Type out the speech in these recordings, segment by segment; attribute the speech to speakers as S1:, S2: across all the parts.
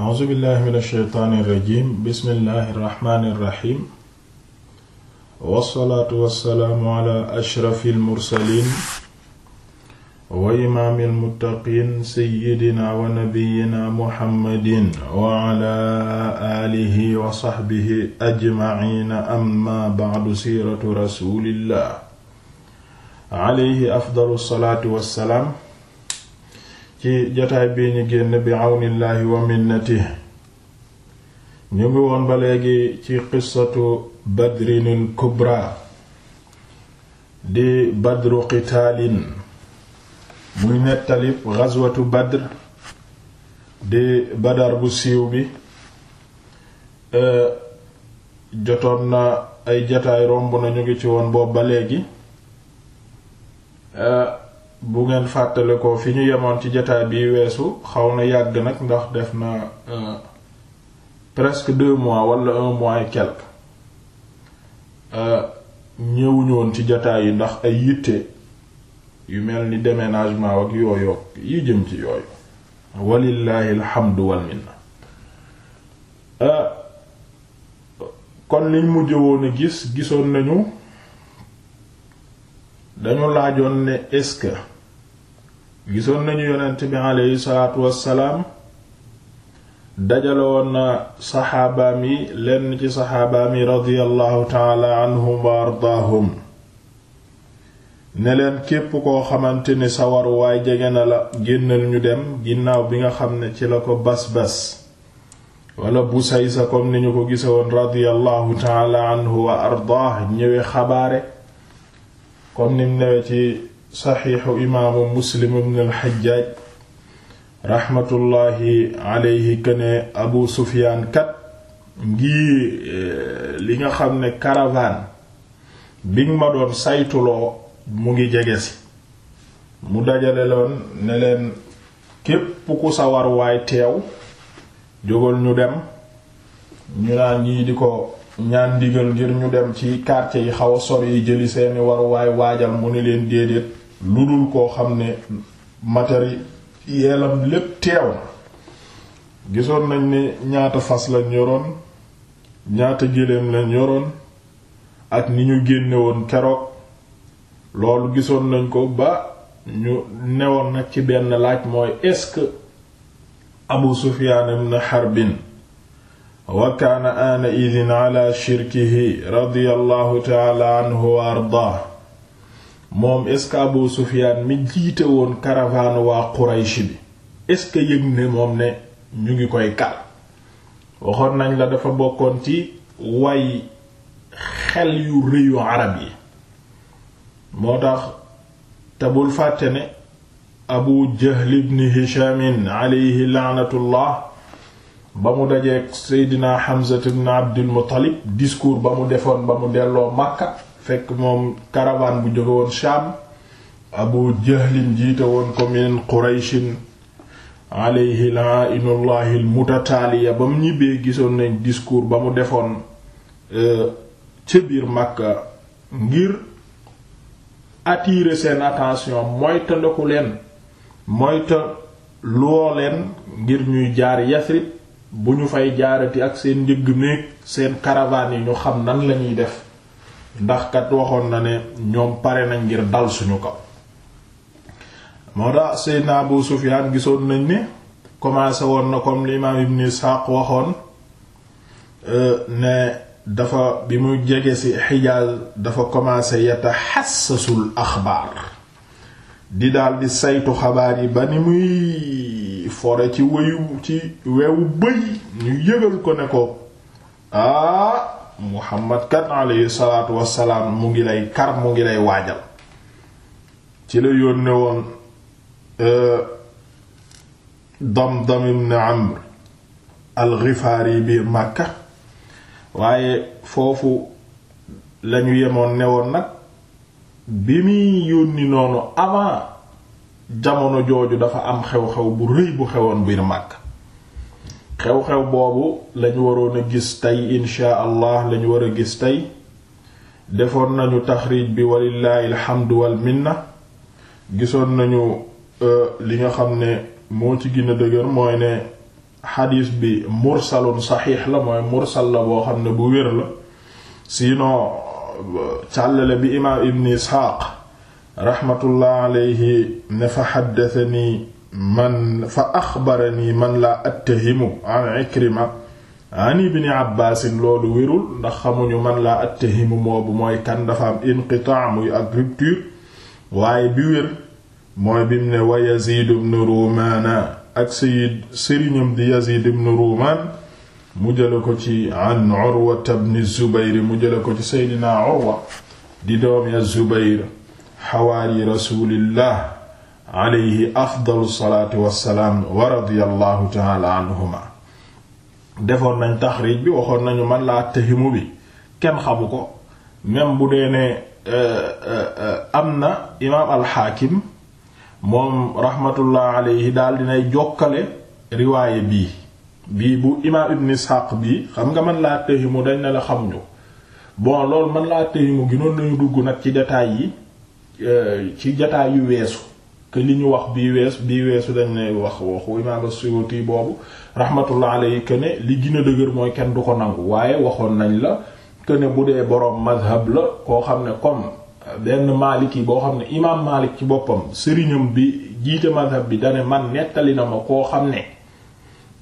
S1: a'uuzu billahi min ash-shaytaani irrajim bismillahi irrahmaani irrahim wassalaatu wassalaamu ala ashrafil mursaliin wa imaamil muttaqiin sayyidina wa nabiyyina muhammadin wa ala aalihi wa sahbihi ajmaciina amma ba'du siiratu rasuulillah alayhi afdalu salaatu wassalaam ci jotaay bii ñu génn bi àwnillaahi wa minnati ñu ngi woon ba léegi ci qissatu badrinil kubra di badru qitaalin muy nettalib ghazwatu badr di badar bu siiw bi jotoon na ay jotaay romb na ñu ngi ci woon boobu ba léegi bu ngeen fàttale ko fi ñu yemoon ci jataay bi weesu xaw na yàgg nag ndax def na euh, presque deux mois walla un mois et quelque euh, ñëwuñu woon ci jataay yi ndax ay yitte yu mel ni déménagement ak yooyu yi jëm ci yooyu walillahi alhamdu wal minna euh, kon liñ mujj woon a gis gisoon nañu dañu laajoon ne est-ce que gisoon nañu yonent bi aleyhi salaatu na saxaabaam yi lenn ci saxaabaam yi radiyallahu taala anhum wa ardaahum ne képp koo xamante ni sawar waay jege na la génnal ñu dem ginnaaw bi nga xam ne ci la ko bas-bas bu busaysa comme ni ñu ko gisewoon radiyallahu taala anhu wa ardaah ñëwe xabaare comme nim newe ci saxiixu imaamu muslim ibn al-Hajjaj raxmatullaahi alayhi kene abu sufiyaan kat ngi eh, li nga xam ne caravane bi nga ma doon saytuloo mu ngi jege ci mu dajale loon ne leen képp ku sa war waay teew jógal ñu dem ñu naan ñii di ko ñaan digal ngir ñu dem ci quartier yi xaw sor sori yi jëli seeni waruwaay waajal mu ni leen déedéet lu dul koo xam ne matérielam lépp teew na gisoon nañ ni ñaata fas la yoroon ñaata géléem lañ yoroon ak ni ñu génnewoon woon keroog loolu gisoon nañ ko ba ñu newoon nag ci benn laaj mooy est-ce que Abu Sufyan ibn Harbin wa kaana aana idin ala shirkihi radiyallahu taala wa ardaa moom est ce que Abu Sufyaan mi jiite woon caravane waa Quraysh bi est yëg ne moom ne ñu ngi koy kal waxoon nañ la dafa bokkoon ci way xel yu rëyu arab yi moo tax te bul fàtte ne Abu Jahl ibn Hishaam alayhi laanatullah ba mu dajeeg Seydina Hamza ibn Abdul Muttalib discours ba mu defoon ba mu delloo Makka fekk moom caravane bu jóge woon Sham Abu Jahlin jiite woon ko min Qurayshin alayhi la'inullahi al-mutataaliya ba mu ñibbee gisoon nañ discours ba mu defoon euh, ci biir Makka ngir attirer seen attention moytandiku leen moyta loo leen ngir ñuy jaar Yasrib bu ñu fay jaarati ak seen njëgg néeg seen caravane yi ñu xam nan lañuy def ndax kat waxoon na ne ñoom pare na ngir dal suñu ko moo tax Seydina Abu Sufyaan gisoon nañ ni commencé woon na comme l'imam Ibn Ishaq waxoon euh, ne dafa bi mu jege ci Hijaaz dafa commencé yataxassasul axbaar di daal di saytu xabaar yi ba ni muy fore ci wéyu ci wewu bëy ñu yëgal ko ne ko ah Muhammad kat alayhi salaatu wassalaam mu ngi lay kar mu ngi lay waajal ci la yónne woon eh, Damdam ibn Amr al-Ghifari biir Makka waaye foofu lañu yemoon ne woon nag bi muy yónni noonu avant jamono jooju dafa am xew-xew bu rëy bu xewoon biir Makka xew-xew boobu lañu waroon a gis tey inshaa allah lañu war a gis tey defoon nañu taxriij bi walilaahi alxamdu wal minna gisoon nañu euh, li nga xam ne moo ci gin a dëgër mooy ne xadiis bi mursalun saxiix la mooy mursal la boo xam ne bu wér la sinon euh, càllale bi imaam ibn isxaaq raxmatullah alayhi ne fa xaddasani man fa axbarani man laa attahimu an ikrima an ibni abbaasin loolu wérul ndax man laa attahimu moobu mooy kan dafa am inqitaa muy ak rupture bi wér mooy bim wa yazid ibn rumaana ak sayid sëriñam di yazid ibn rumaan mu jële ko ci an urwa ibn zubayr mu jële ko ci seydina urwa di doom ya zubayr xawaari rasulillah alayhi afdalu salaatu wassalaam wa radiyallahu taala anhuma defoon nañ taxriij bi waxoon nañu man laa tahimu bi kenn xamu ko même bu dee ne euh, euh, am na imaam alxaakim moom rahmatullah alayhi daal dinay jokkale riwaaye bii bii bu imaam ibn isxaaq bii xam nga man laa tahimu dañ ne la xamuñu bon loolu man laa tahimu ginoon nañu dugg nag ci détails yi Euh, ci jataay yu weesu que li ñu wax bii weesu bii weesu dañ ne wax waxu imaam as-Suyuti boobu rahmatullah alayhi que ne li gën a dëgër mooy kenn du ko nangu waaye waxoon nañ la que ne bu dee boroom mazhab la koo xam ne comme benn Maalik yi boo xam ne imaam Maalik ci boppam sëriñam bi jiite mazhab bi dane man nettali na ma koo xam ne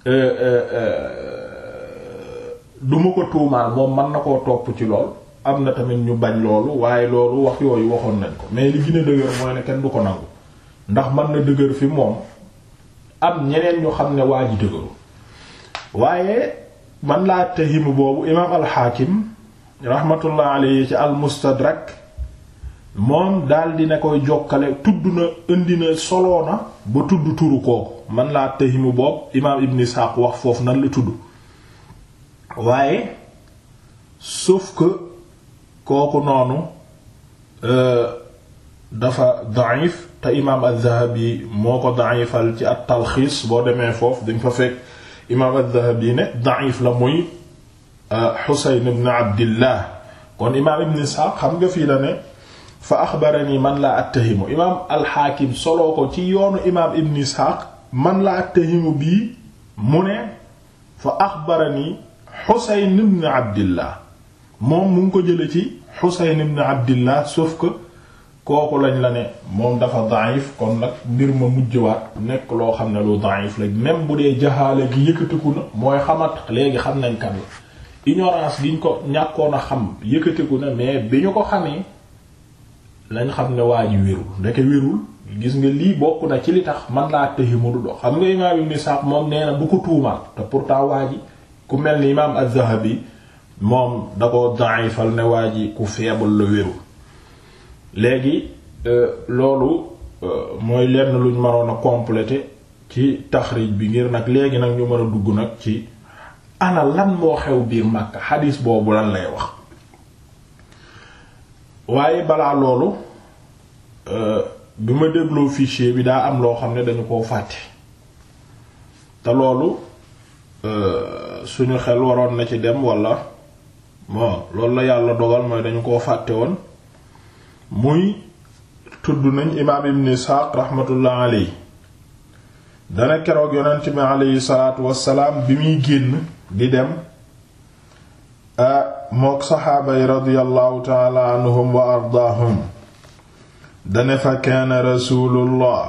S1: euh, euh, du ko tuumaal moom mën na koo topp ci lool am na tamit ñu bañ loolu waaye loolu wax yooyu waxoon nañ ko mais li gën a dëgër mooy ne kenn du ko nangu ndax man na dëgër fi moom am ñeneen ñu xam ne waa dëgëru waaye man laa tahimu boobu imaam alxaakim rahmatullah alayhi ci almustadrak moom daal di ne koy jokkale tudd na indi na soloo tudd turu man laa tahimu boobu imaam wax foofu nan li tudd waaye sauf que kooku noonu euh, dafa da'if te imaam az-Zahabi moo ko da'ifal ci at-Talxiis boo demee foofu dañ fa fekk imaam az-Zahabi ne da'if la muy Xuseyn euh, ibn Abdillah kon imaam ibn xam nga fii la ne fa axbarani man laa attahimu imaam al-Xaakim soloo ko ci yoonu imaam ibn man laa attahimu bii mu ne fa axbarani Xuseyn ibn Abdillah moom mu ngi ko jële ci Xuseyn ibn Abdillah sauf que kooku lañ la ne moom dafa daif kon nag mbir ma waat nekk loo xam ne lu daif la même bu dee jaxaale gi yëkkatiku mooy xamat léegi xam nañ kan la ignorance giñ ko ñàkkoon a xam yëkkatiku na mais bi ko xamee lañ xam ne waa ji wérul ndeke wérul gis nga lii bokk na ci li tax man laa tëxi mu du dox xam nga imaam ibn Sa'd moom nee na bu ko tuumaal te pourtant waa ji ku mel ni imaam az-Zahabi moom da ko da'ifal ne waa ji ku feebal la wéru léegi euh, loolu euh, mooy lenn luñ mënoon a compléter ci taxrij bi ngir nag léegi nag ñu mën a dugg nag ci ana lan moo xew biir Makka xadiis boobu lan lay wax waaye balaa loolu euh, bi ma dégloo fichier bi daa am loo xam ne dañu koo fàtte te loolu suñu xel waroon na ci dem walla bon loolu la yàlla dogal mooy dañu koo fàtte woon muy tudd nañ imaam ibn isxaaq raxmatullah aley dana keroog yonent bi a mook saxaaba yi radiyallahu anhum wa ardaahum dane fa kaana rasulullah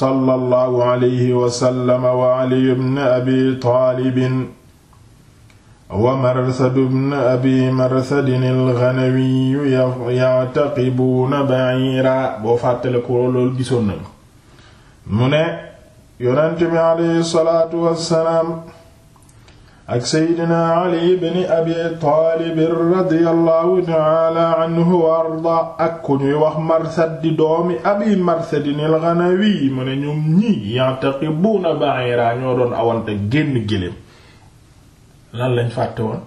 S1: sallallahu ali ibn abi taalibin wa marsadu bn abi marsadin alxanawiyu yataqibuuna baira boo fàttale ko loolu gisoon nañu mu ne yonent bi aleyhi salaatu wassalaam ak seydina ali bni abi taalib radiallahu taala anhu wa arda ak ku ñuy wax marsad di doomi abi marsadin alxanawi mu ne ñoom ñi yataqibuuna baira ñoo doon awante génn géléem lan lañ fàtte woon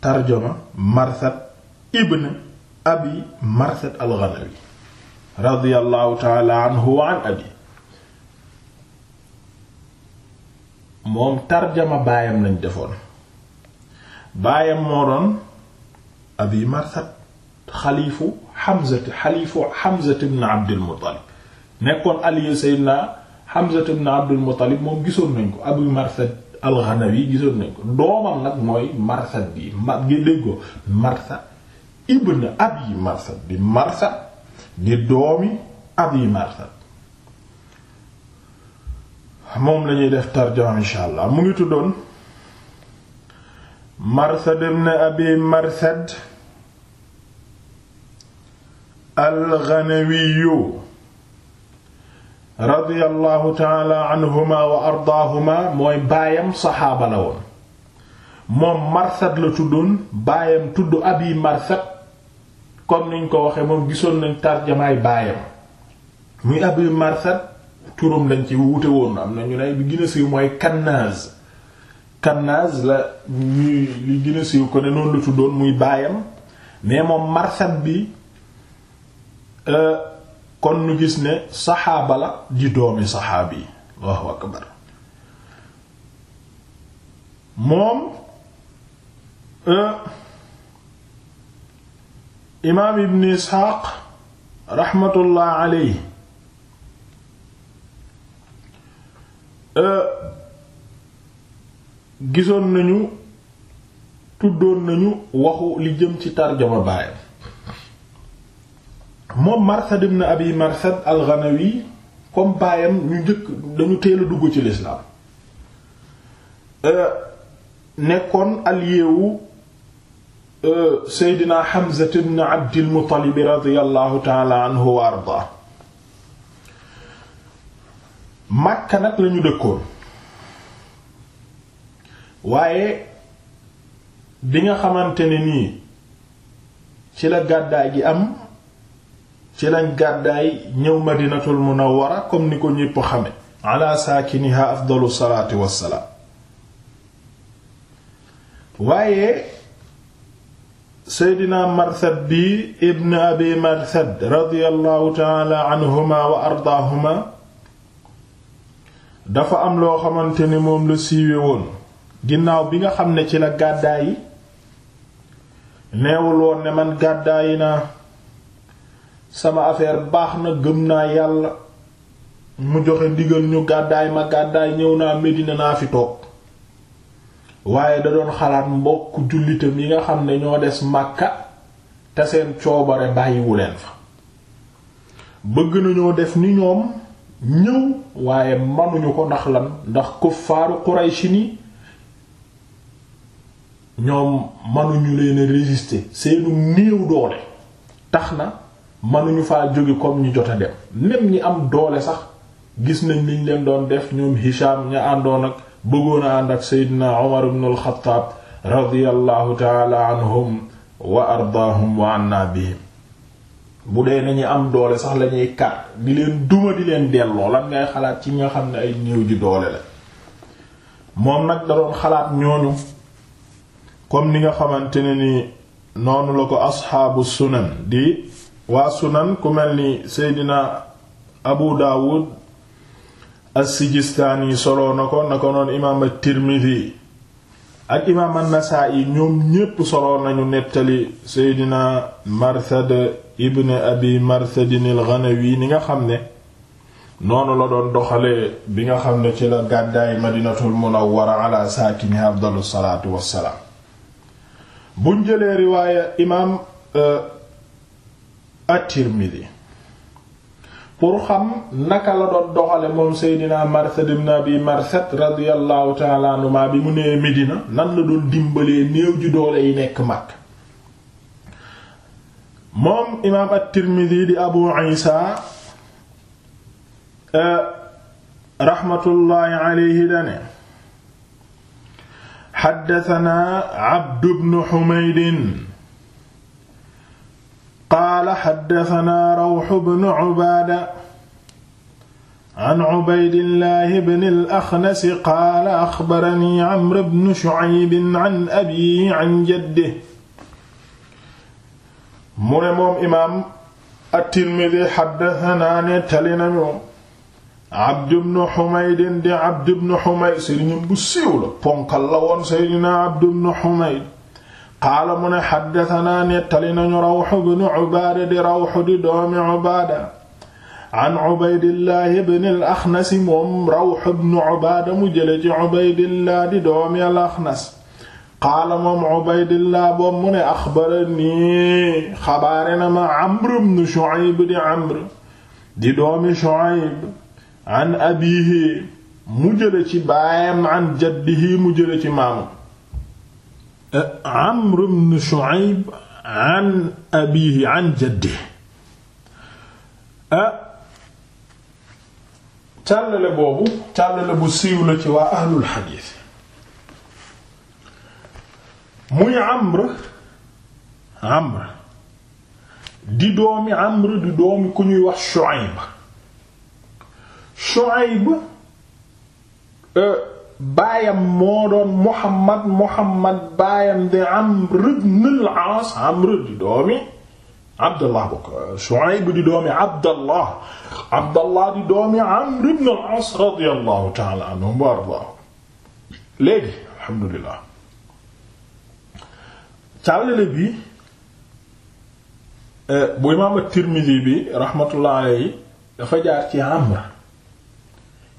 S1: tarjuma marsad ibn abi marsad al-ghanawi radiyallahu taala anhu wa an abi moom tarjama baayam lañ defoon baayam moo doon abi marsad xaliifu xamzati xaliifu xamzati ibn abdul muttalib nekkoon aliyu seydina xamzati ibn abdul muttalib moom gisoon nañ ko abi marsad al-Ghanawi gisoon nañ ko doomam nag mooy Marsad bi ma gi déggoo Marsa ibn Abi Marsad bi Marsa di doomi Abi Marsad moom lañuy def tarjama insha mu ngi tuddoon Marsad ibn Abi Marsad al-Ghanawi radiyallahu taala anhuma wa ardaahuma mooy baayam saxaaba la woon moom marsad la tuddoon baayam tudd abi marsad kon nañ ko waxee moom gisoon nañ tarjamaay baayam muy abi marsad turam lañ ci wute woon am na ñu ne li gën a mooy kannaaz kannaaz la ñuy li gën a ko ne noonu la tuddoon muy baayam mais moom marsad bi euh, kon nu gis ne saxaaba la di doomi saxaabi yi Allahu akbar moom euh, imaam ibn isxaaq raxmatullah aleyhi euh, gisoon nañu tuddoon nañu waxu li jëm ci tarjama baayam moom Marsad ibn Abi Marsad al-Ghanawi comme baayam ñu njëkk dañu teel dugg ci lislaam euh, nekkoon aliyeewu euh, Seydina Hamza ibn Abdil Muttalib radiyallahu ta'ala anhu wa ardaa Makka nag lañu dëkkoon waaye bi nga xamante ne nii ci la gàddaay gi am ci lañ gàddaay ñëw madinatul munawwara comme ni ko ñépp xame ala saakiniha afdalu waaye seydina marthad bi ibn abi marthad radiyallahu taala wa ardaahuma dafa am loo xamante ni moom la siiwe woon ginnaaw bi nga xam ne ci la gàddaay neewul woon ne man gàddaayi naa sama affaire baax na gëm naa yàlla mu joxe ndigal ñu gàddaay ma gàddaay ñëw naa Medina naa fi toog waaye da doon xalaat mbokk jullitam yi nga xam ne ñoo des Makka te seen coobare bàyyiwu leen fa bëgg nañoo def ni ñoom ñëw waaye manuñu ko ndax lan ndax kuffaaru Quraysh ni ñoom manuñu leen résister seenu néew doole tax na mënuñu faa jóge comme ñu jot a dem même ñi am doole sax gis nañ liñ leen doon def ñoom Hisham ña àndoon ak bëggoon a ànd ak Seydina Omar ibn al-Khattab radiyallahu taala anhum wa ardaahum wa anna bu dee nañu am doole sax lañuy kat di leen duma di leen delloo lan ngay xalaat ci nga xam ne ay néew ji doole la moom nag da doon xalaat ñooñu comme ni nga xamante ne ni noonu la ko asxaabu sunan di waa sunan ku mel ni seydina abu daawud as-sijistaani soloo na ko na ko noon imaam at-tirmidhi ak imaam an-nasa'i ñoom ñépp soloo nañu nettali seydina marthad ibn abi marthadin al-ghanawi ni nga xam ne noonu la doon doxalee bi nga xam ne ci la gàddaay madinatul munawwara ala saakini afdalu salaatu wassalaam buñ jëlee riwaaya imaam euh, at-Tirmidhi pour xam naka la doon doxale moom Seydina Marsad ibn Abi Marsad radiyallahu ta'ala bi mu nee Medina nan la doon dimbalee néew ji doole yi nekk mag moom imaam at-Tirmidhi di Abu Isa eh, raxmatullaahi dane xaddasanaa Abdu bnu Xumaydin qaala xaddatanaa rawxu bnu cubaada an cubaydillahi bni alaxnasi qaala axbarani camr bnu shucaybin an abiihi an jaddihi mu ne moom imaam at-tirmidi xaddatanaa nettali nañu abdu bnu xumaydin di abdu bnu xumayd sëriñam bu siiw la ponkal la woon seydina abdu bnu xumayd qaala mu ne xaddatanaa nettali nañu rawxu bnu cubaada di rawxu di doomi cubaada an cubaydillaahi bni al axnasi moom rawxu bnu cubaada mu jële ci cubaydillah di doomi al axnas qaala moom cubaydillah boobu mu ne axbaranii xabaare na ma camr bnu shucayb di camr di doomi shucayb an abiihi mu jële ci baayam an jaddihi mu jële ci maamam Amr ibn Shu'ayb an abiihi an jaddihi ah càllale boobu càllale bu siiw la ci waa ahlul xadiis muy Amr Amr di doomi Amr di doomi ku ñuy wax Shu'ayb Shu'ayb eh, baayam moo doon Muhammad Muhammad baayam di Amr ibn al-Aas Amr di doomi Abdallah bokk Shuayb di doomi Abdallah Abdallah di doomi Amr ibn al-Aas radiyallahu ta'ala anhu wa ardaahu léegi alhamdulillah càllale bi eh, bu imaam at-Tirmidhi bi rahmatullah alayhi dafa jaar ci Amr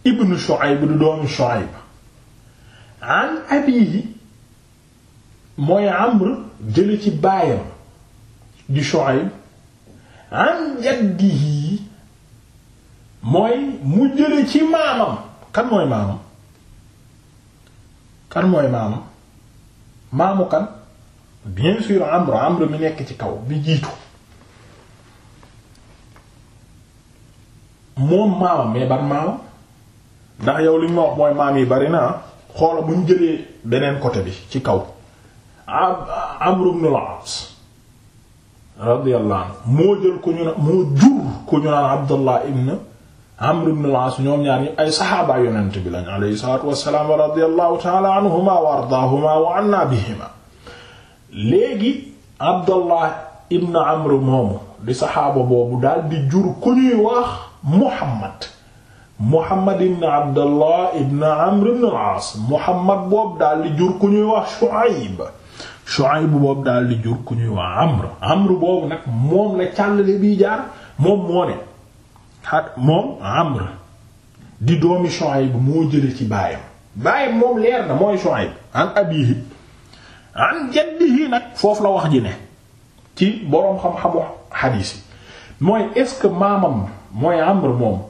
S1: ibn Shuayb di doomi Shuayb an abiihi mooy Amr jële ci baayam di Shuayb an jaddihi mooy mu jële ci maamam kan mooy maamam kan mooy maamam maamu kan bien sûr Amr Amr mi nekk ci kaw bi jiitu moom maamam mais ban maamam ndax yow li ñu wax mooy maam yi bari na ah. xoola bu ñu jëlee beneen côté bi ci kaw Amr ibn al-As radiyallahu anhu moo jël jur ku ñu naan ibn Amr ibn as ñoom ñaar ay saxaaba yonent bi lañu alayhi salaatu wassalaam radiyallahu ta'ala anhuma wa ardaahuma wa anna bihima léegi Abdullah ibn Amr moomu di saxaaba boobu daal di jur ku ñuy wax Muhammad Muhammad ibn Abdallah ibn Amr ibn al-As boobu daal di jur ku ñuy wax Shuayb Shuayb boobu daal di jur ku ñuy wax Amr Amr boobu nag moom la càllale bii jaar moom moo ne xat moom Amr di doomi Shuayb moo jële ci baayam baayam moom leer na mooy Shuayb an abiihi an jaddihi nag foofu la wax ji ne ci boroom xam-xamu xadiis mooy est-ce que maamam mooy Amr moom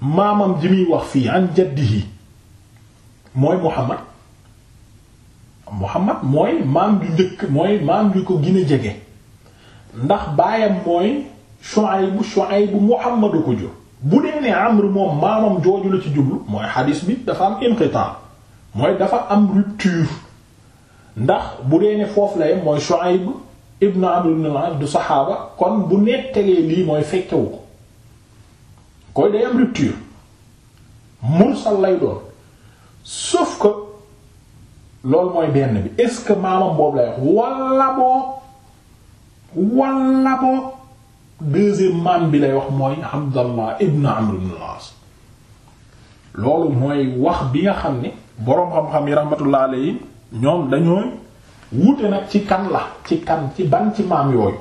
S1: maamam ji muy wax fii an jaddihi mooy Muhammad Muhammad mooy maam ju njëkk mooy maam ju ko gën jege ndax baayam mooy Shuayb Shuayb Muhammadu ko jur bu dee ne Amr moom maamam jooju la ci jublu mooy xadis bi dafa am inqitaa mooy dafa am rupture ndax bu dee ne foofu la yem mooy Shuayb ibn Amr ibn al-As du saxaaba kon bu nettalee lii mooy fekkewu ko koy day am rupture mursal lay doon sauf que loolu mooy benn bi est-ce que maamam boobu lay wax walla boo walla boo deuxième maam bi lay wax mooy Abdallah ibn Amr ibn loolu mooy wax bi nga xam ni boroom xam-xam yi rahmatullah alayhi ñoom dañooy wuute na ci kan la ci kan ci ban ci maam yooyu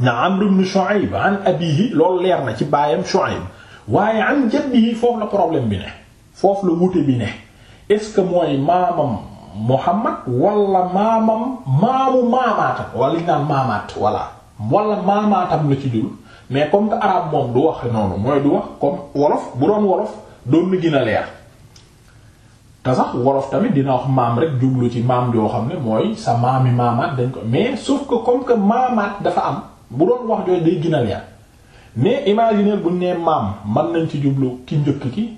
S1: na Amr ibn Shu'ayb an abiihi loolu leer na ci baayam Shu'ayb waaye an jaddihi foofu la problème bi ne foofu la wute bi ne est-ce que mooy maamam Muhammad wala maamam maamu maamaatam wala maamaatam la ci dul mais comme que arabe moom du wax noonu mooy du wax comme wolof bu doon wolof doon na gën a leer te sax wolof tamit dina wax maam rek jublu ci maam joo xam ne mooy sa maami maamaat dañ ko mais sauf que comme que maamaat dafa am bu doon wax jooju day gën a leer mais imaginer bu nee maam man nañ ci jublu ki njëkk ki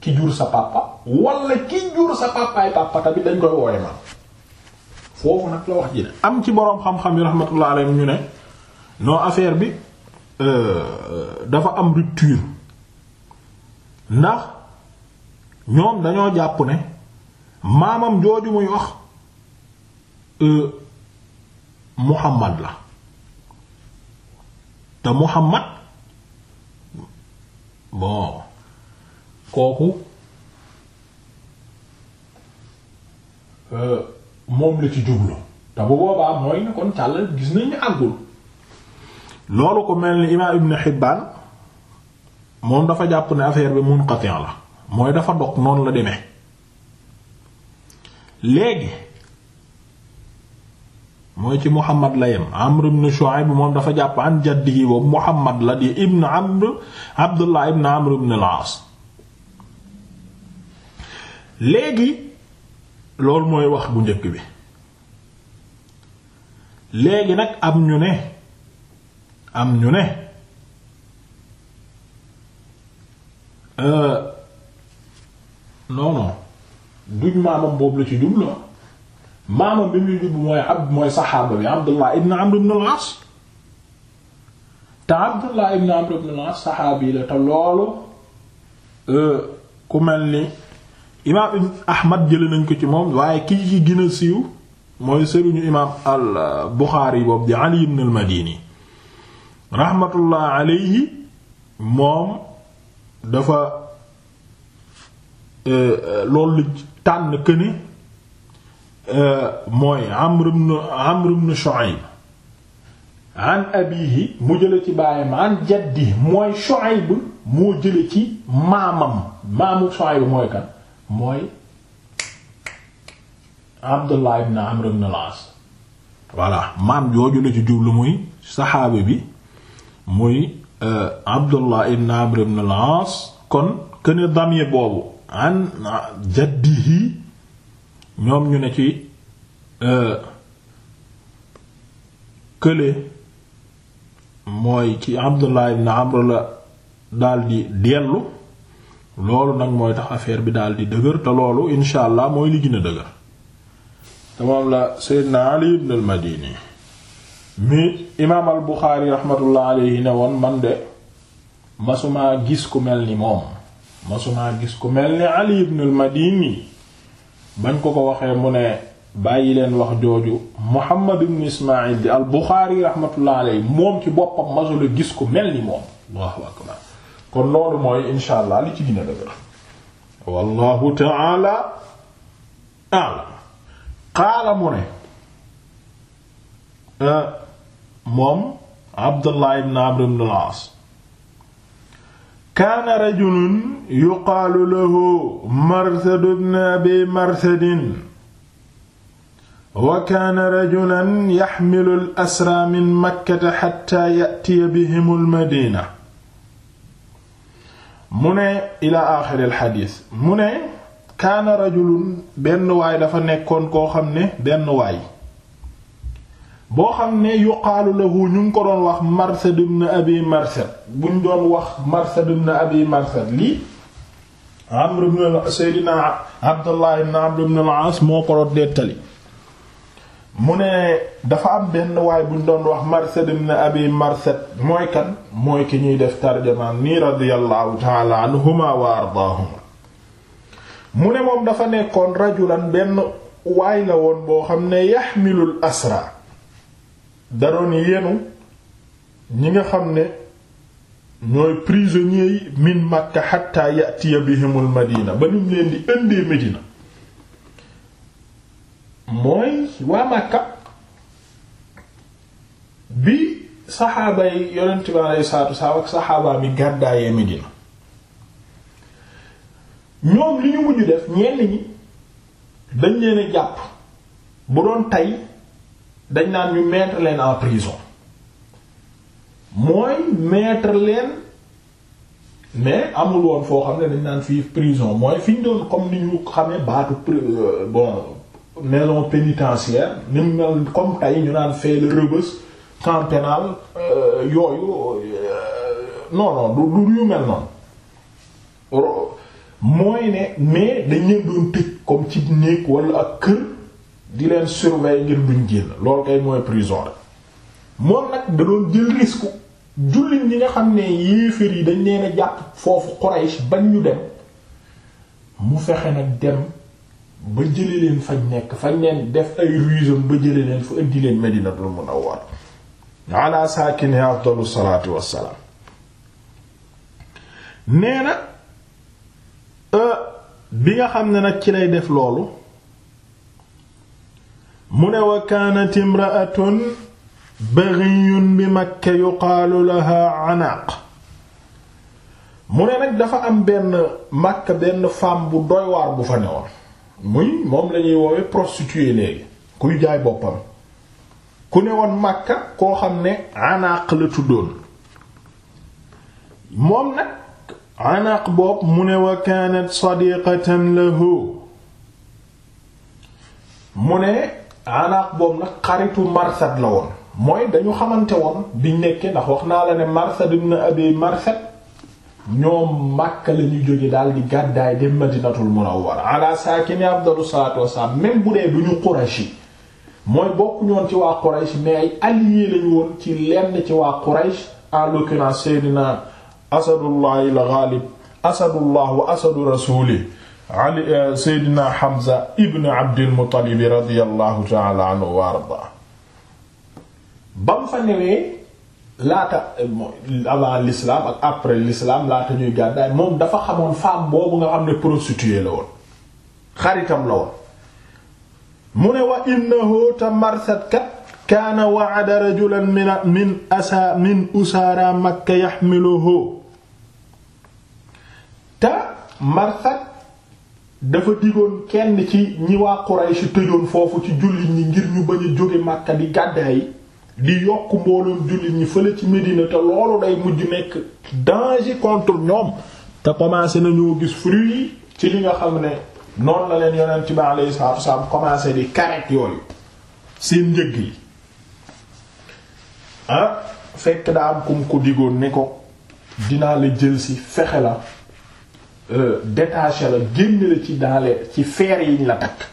S1: ki jur sa papa wala ki jur sa papaay papa tamit dañ koy wooye maam foofu nag la wax ji am ci boroom xam-xam yi rahmatullah alayhim ñu ne non affaire bi euh, dafa am rupture ndax ñoom dañoo jàpp ne maamam jooju muy wax euh, Muhammad la te Muhammad bon kooku euh, moom la ci jublu te bu boobaa mooy ne kon càll gis nañ ñu àggul loolu ko mel ni imaam Ibn Hibbaan moom dafa jàpp ne affaire bi munqati' la mooy dafa dog noonu la deme léegi mooy ci Muhammad la yem Amr ibn bi moom dafa jàpp an jaddihi boobu Muhammad la di ibn Amr Abdullah ibn Amr ibn al léegi loolu mooy wax bu njëkk bi léegi nag am ñu ne am ñu ne euh, non non duñ maamam boobu la ci jublu maamam bi muy jubbu mooy ab mooy saxaaba bi Abdullah ibn Amr ibn al te Abdullah ibn Amr ibn al saxaabi la te loolu euh, ku mel ni imaam ibn Ahmad jële nañ ko ci moom waaye ki ci gën a siiw mooy sëriñu imaam al Buxaari boobu di Ali ibn madini rahmatullah alayhi moom dafa euh, euh, loolu tànn këne Euh, mooy Amr ibn Amr ibn Shu'ayb an abiihi mu jële ci baayam an jaddi mooy Shu'ayb moo jële ci maamam maamu Shu'ayb mooy kan mooy Abdullah ibn Amr ibn al-As maam jooju la ci jublu muy saxaabi bi muy euh, Abdullah ibn Amr ibn al kon këne damye boobu an jaddihi ñoom ñu ne ci euh, kële mooy ci Abdullah ibn Amr la daldi dellu loolu nag mooy tax affaire bi daldi dëgër te loolu insha mooy li gën a dëgër te moom la Seydina Ali ibn madini mi imaam al Buxaari raxmatullah alayhi ne woon man de masumaa gis ku mel ni moom masumaa gis ku mel ni Ali ibn madini bañ ko ko waxee mu ne bàyyi leen wax jooju mu ibn Ismaïl di al Buxaari rahmatullah alayhi moom ci boppam masula gis ko mel kon loolu mooy insha allah li ci gën a dëgër wallahu ta'ala a'lam qaala mu ne eh, moom Abdullah ibn Amr ibn al-As kaana rajulun yuqaalu lahu marsadu bn abi marsadin wa kaana rajulan yaxmilu al asra min makkata xatta yatiya bihim al madina mu ne ilaa aaxiri al xadiis mu ne kaana rajulun benn waay dafa nekkoon koo xam ne benn waay boo xam ne yuqaalu lahu ñu ngi ko doon wax Marsad ibn Abi Marsad buñ doon wax Marsad ibn Abi Marsad lii Amr ibn Seydina Abdullah mu ne dafa am benn waay buñ doon wax Marsad ibn Abi Marsad mooy kan mooy ki ñuy def tarjamaan nii radiyallahu ta'ala anhuma wa ardaahuma mu ne moom dafa nekkoon rajulan benn waay la woon boo xam ne yaxmilul asra daroon yenu ñi nga xam ne ñooy prisonniers yi min Makka hatta yatiya bihimul Madina ba nim leen di indee Medina mooy waa Makka bi saxaaba yi yonent bi alayhi salaatu wasalaam ak saxaaba mi gàddaayee Medina ñoom li ñu mujj def ñenn ñi dañ leen jàpp bu doon tey dañ naan ñu mettre leen en prison mooy mettre leen mais amul woon foo xam ne dañ naan fii prison mooy fi ñu doon comme ni ñu xamee baatu euh, bon maison pénitentiaire ni mu mel comme tey ñu naan fee la Rebeuss camp pénal euh, yooyu euh, non du du ñu mel noonu mooy ne mais dañ leen doon tëj comme ci néeg wala ak kër. di leen surveiller ngir duñ génn lool kay mooy prison rek moom nag da doon jël risque jullit ñi nga xam ne yéeféer yi dañ leen a jàpp foofu Quraysh bañ ñu dem mu fexe nag dem ba jële leen fañ nekk fañ leen def ay ruisam ba jële leen fu indi leen Madinatul Munawwar ala saakini afdalu salaatu wassalaam nee na euh, bi nga xam ne nag ci lay def loolu mu ne wa kaanat imra'atun baghiyun bi makka yuqaalu laha anaq mu ne nag dafa am benn makka benn femme bu doy waar bu fa woon muy moom lañuy woowe prostituée léegi kuy jaay boppam ku newoon makka koo xam ne anaq la tuddoon moom nag anaq bopp mu ne wa kaanat sadiqatan lahu mu ne Anaaq boobu nag xaritu Marsad la woon mooy dañu xamante woon biñ nekkee ndax wax naa la ne Marsad ibn Abi Marsad ñoom Makka la ñu jóge daal di gàddaay dem Madinatul Munawwara ala saakini afdalu salaatu wassalaam même bu dee bu ñu Qurayshi mooy bokku ci waa Quraysh mais ay alliés lañu woon ci lenn ci waa Quraysh en l'occurrence Seydina Asadullah al-Ghalib Asadullah wa asadu rasulih ali eh, seydina Hamza ibn Abdil Muttalib radiyallahu ta'ala anhu wa arda ba mu fa newee laata eh, avant l'islam ak après l'islam laata ñuy gàddaay moom dafa xamoon femme boobu nga xam ne prostituée la woon xaritam la woon mu ne wa innahu ta marsat kat kaana wa'ada rajulan min min asa min usaara makka yaxmiluhu ta marsat dafa digoon kenn ci ñi waa Quraysh tëjoon foofu ci jullit ñi ngir ñu ba a jóge Makka di gàddaay di yokk mbooloom jullit ñi fële ci Medina te loolu day mujj nekk danger contre ñoom te commencé nañoo gis fruit yi ci li nga xam ne noon la leen yonent bi alayhi sa wasallam commencé di karet yooyu seen njëg yi ah fekk daa am kum ko digoon ne ko dinaa la jël si fexe la Euh, détaché la génn la ci dans les ci feer yiñ la takk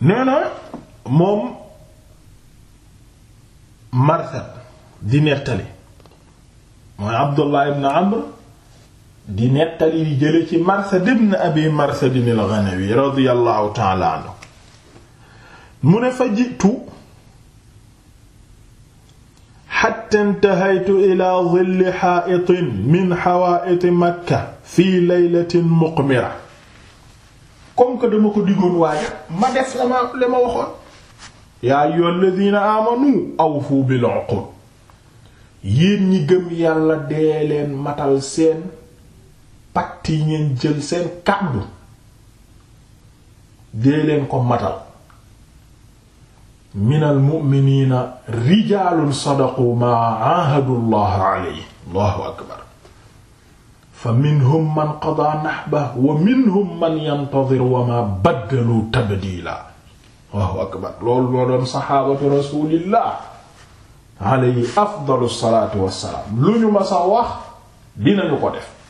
S1: nee na moom marsad di nettali mooy Abdullah ibn Amr di nettali di jële ci Marsad ibn Abi Marsad al-Ghanawi radiyallahu ta'ala anhu mu ne fa jiitu xatta intahaytu ila dilli xaa'itin min xawaa'iti makka fii laylatin muqmira comme que dama ko diggoon waaye ma def la ma la ma waxoon yaa ayyuhal ladina amanu awfu bil uqud yéen ñi gëm yàlla dee leen matal seen pacte yi ngeen jël seen kàddu dee leen ko matal minal mu'miniina rijaalun sadaqu maa aahadu llaha alayhi allahu akbar fa minhum man qadaa nahbahu wa minhum man yantadir wa maa baddalu tabdiila allahu akbar loolu loo doon saxaabatu rasulillah alayhi afdalu salaatu wassalaam lu ñu ma sa wax dinañu ko def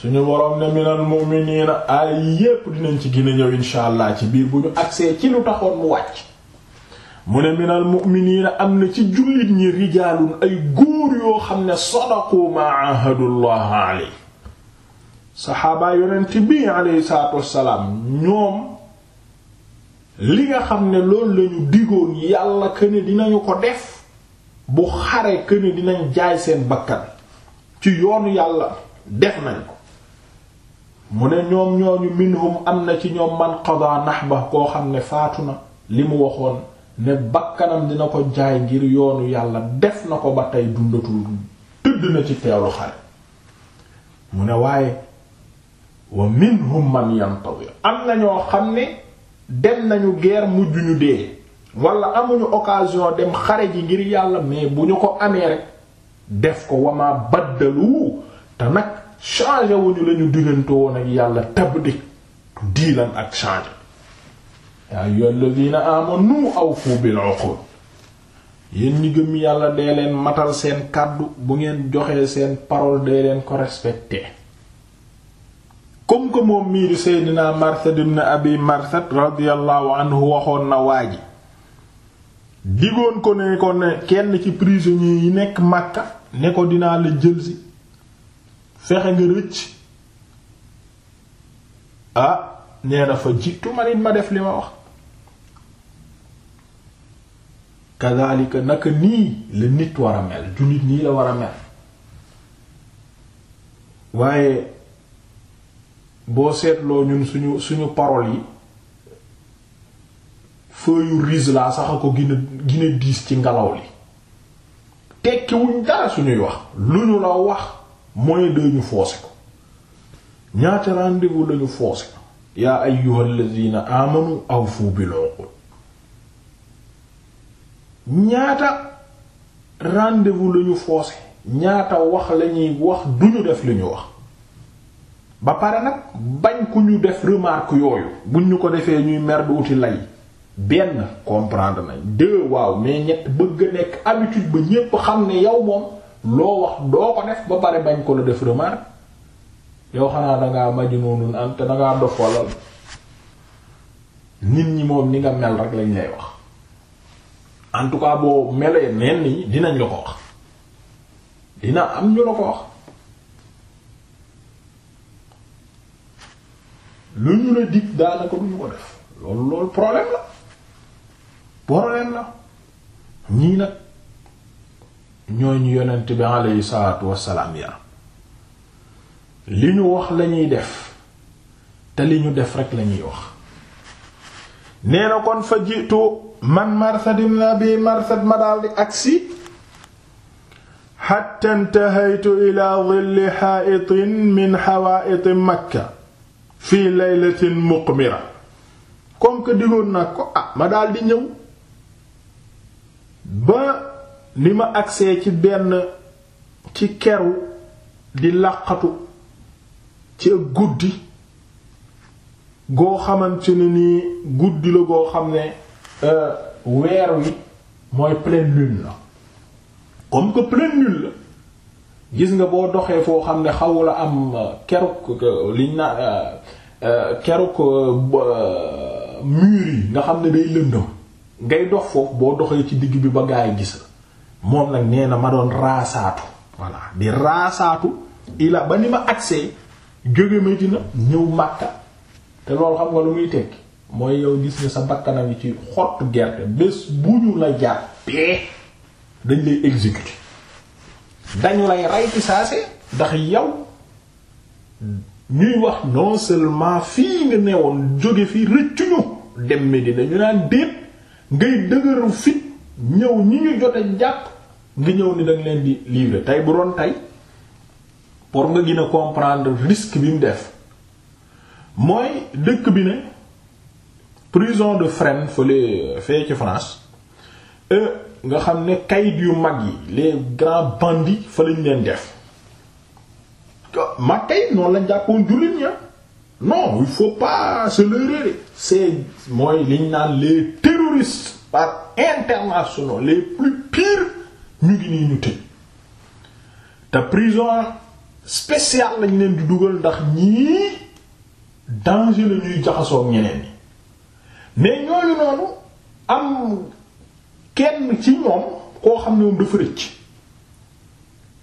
S1: suñu boroom ne minal mu'miniina ay yépp dinañ ci gën a ñëw allah ci biir bu ñu agsee ci lu taxoon mu wàcc mu ne minal mu'miniina am na ci jullit ñi rijaalun ay góor yoo xam ne sadaqu ma ahadullah alayhi saxaabaa yonent bi alayhi salaatu wassalaam ñoom li nga xam ne loolu lañu digoon yàlla këne dinañu ko def bu xare këne dinañ jaay seen bakkan ci yoonu yàlla def nañ ko mu ne ñoom ñooñu minhum am na ci ñoom man qada nahba koo xam ne faatu na li mu waxoon ne bakkanam dina ko jaay ngir yoonu yàlla def na ko ba tey dundatul tëdd na ci teewlu xare mu ne waaye wa minhum man yantazir am na ñoo xam ne dem nañu guerre mujj ñu dee wala amuñu occasion dem xare ji ngir yàlla mais bu ñu ko amee rek def ko wama baddalu te nag changé wuñu lañu diggante woon ak yàlla tabdi diilan ak changé yaa ayyuhal ladina amanu awfu bil uqud yéen ñi gëm yàlla dee leen matal seen kàddu bu ngeen joxee seen parole dee leen ko respecté comme que moom mii di seydina marsad ibn abi marsad waxoon na waa ji digoon ko ne ko ne kenn ci prisonnier yi nekk Makka ne ko dinaa la jëlsi fexe nga rëcc ah nee na fa jiitu man it ma def li ma wax kadhalika naka nii la nit war a mel jullit nii la war a mel waaye boo seetloo ñun suñu suñu paroles yi feuille rise laa sax a ko gën a diis ci ngelaw li tekkiwuñ dara suñuy wax lu ñu la wax mooy dañu foose ko ñaata rendez-vous lañu foose ko yaa ayyuhal ladhina amanu awfu bil uqud ñaata rendez lañu foose ñaata wax lañuy wax duñu def li ñu wax ba pare nag bañ ku ñu def remarque yooyu buñ ñu ko defee ñuy mer di wuti lay benn comprendre nañ deux waaw mais ñett bëgg nekk habitude ba ñépp xam ne yow moom loo wax doo ko def ba pare bañ ko la def remarque yow xanaa dangaa majnuunun am te dangaa dof walla nit ñi moom ni nga mel rek lañ lay wax en tout cas boo melee neen nii dinañ la ko wax dina am ñu la ko wax lu ñu la dig daanaka duñu ko def loolu loolu problème la problème la ñii nag ñooñu yonent bi aleyhi salaatu wassalaam ya li ñu wax lañuy def te li ñu def rekk lañuy wax nee na kon fa jiitu man marsad ibn abi di ma daldi agsi xatta intahaytu ila dilli xaa'itin min xawaa'iti makka fii laylatin muqmira comme que digoon nag ko ah ma daldi ñëw ba li ma agsee ci benn ci keru di làqatu ci ak guddi goo xamante ne nii guddi la goo xam ne euh, weer wi mooy pleine lune la comme que pleine lune la gis nga boo doxee foo xam ne xawu la am euh, keruk liñ naa euh, keruk mur yi nga xam ne day lëndëm ngay dox foofu boo doxee ci digg bi ba gaay gis la moom nag nee ma doon raasaatu voilà di raasaatu ila ba ni ma agsee jóge Medina ñëw Makka te loolu xam nga lu muy tekki mooy yow gis nga sa bakkanam yi ci xottu gerte bés bu ñu la jàppee dañ lay exécuter dañu lay rey ci ndax yow ñuy wax non seulement fii nga newoon jóge fi rëccuñu dem Medina ñu naan déet ngay dëgëru fit ñëw ñi ñu jote jàpp nga ñëw ni danga leen di livrer tey bu doon tey pour nga gën a comprendre risque bi mu def mooy dëkk bi ne prison de Fresnes fële fee ci France e, nga xam ne kayit yu mag yi les grands bandits fa lañ leen def mag kayit noonu lañ jàppoon jullit ña ah. non il faut pas se leurrer c'est mooy liñ naan les terroristes par internationaux les plus pires ñu ngi nii ñu tëj te prison spéciale lañ leen di dugal ndax ñii danger la ñuy jaxasoo ñeneen ñi mais ñooñu noonu am kenn ci ñoom koo xam ne moom dafa rëcc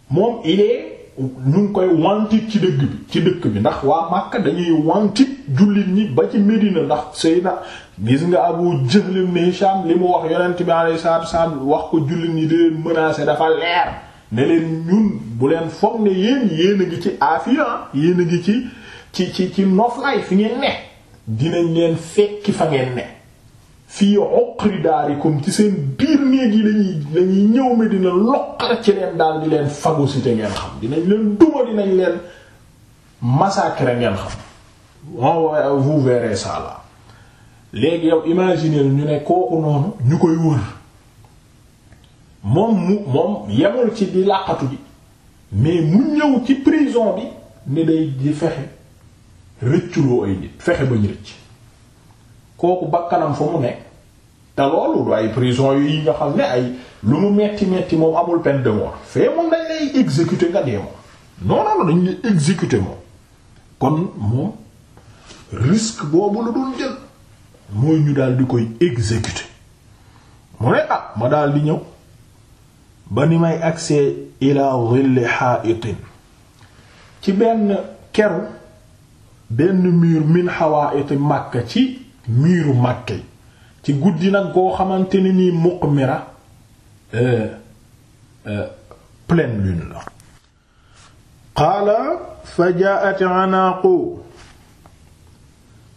S1: moom il ñu ngi koy wantit ci dëkk bi ci dëkk bi ndax waa Makka dañuy wantit jullit ñi ba ci Medina ndax sëy Seydina gis nga Abu Jahl ni Hisham li mu wax yonent bi alayhi salaatu wasallam wax ko jullit ñi di leen menacer dafa leer ne leen ñun bu leen foog ne yéen yéen a ngi ci afiya yéen a ngi ci ci ci ci noflaay fi ngeen ne dinañ leen fekki fa ngeen ne fii uqri daarikum ci seen biir néeg yi lañuy lañuy ñëw mi dina loqar ci leen daal di leen phagocyté ngeen xam dinañ leen duma dinañ leen massacre ngeen xam on oh, vous léegi yow imaginer ñu ne kooku noonu ñu koy wër moom mu moom yemul ci di làqatu ji mais mu ñëw ci prison bi ne day di fexe rëcculoo ay nit fexe bañ rëcc kooku bakkanam fa mu nekk te loolu ay prison yi nga xam ne ay lu mu metti metti moom amul peine de mort fee moom dañ lay exécuter nga dee moom non kon moom risque la doon ñu daal di koy exécuter mu ne ah ma daal di ñëw ba ni may accès ila dhilli ha'itin ci benn keru benn mur min hawa'it Makka ci miiru Makka ci guddi nag goo xamante ne nii muqmira euh, euh, pleine lune la qaala fa jaat anaaqu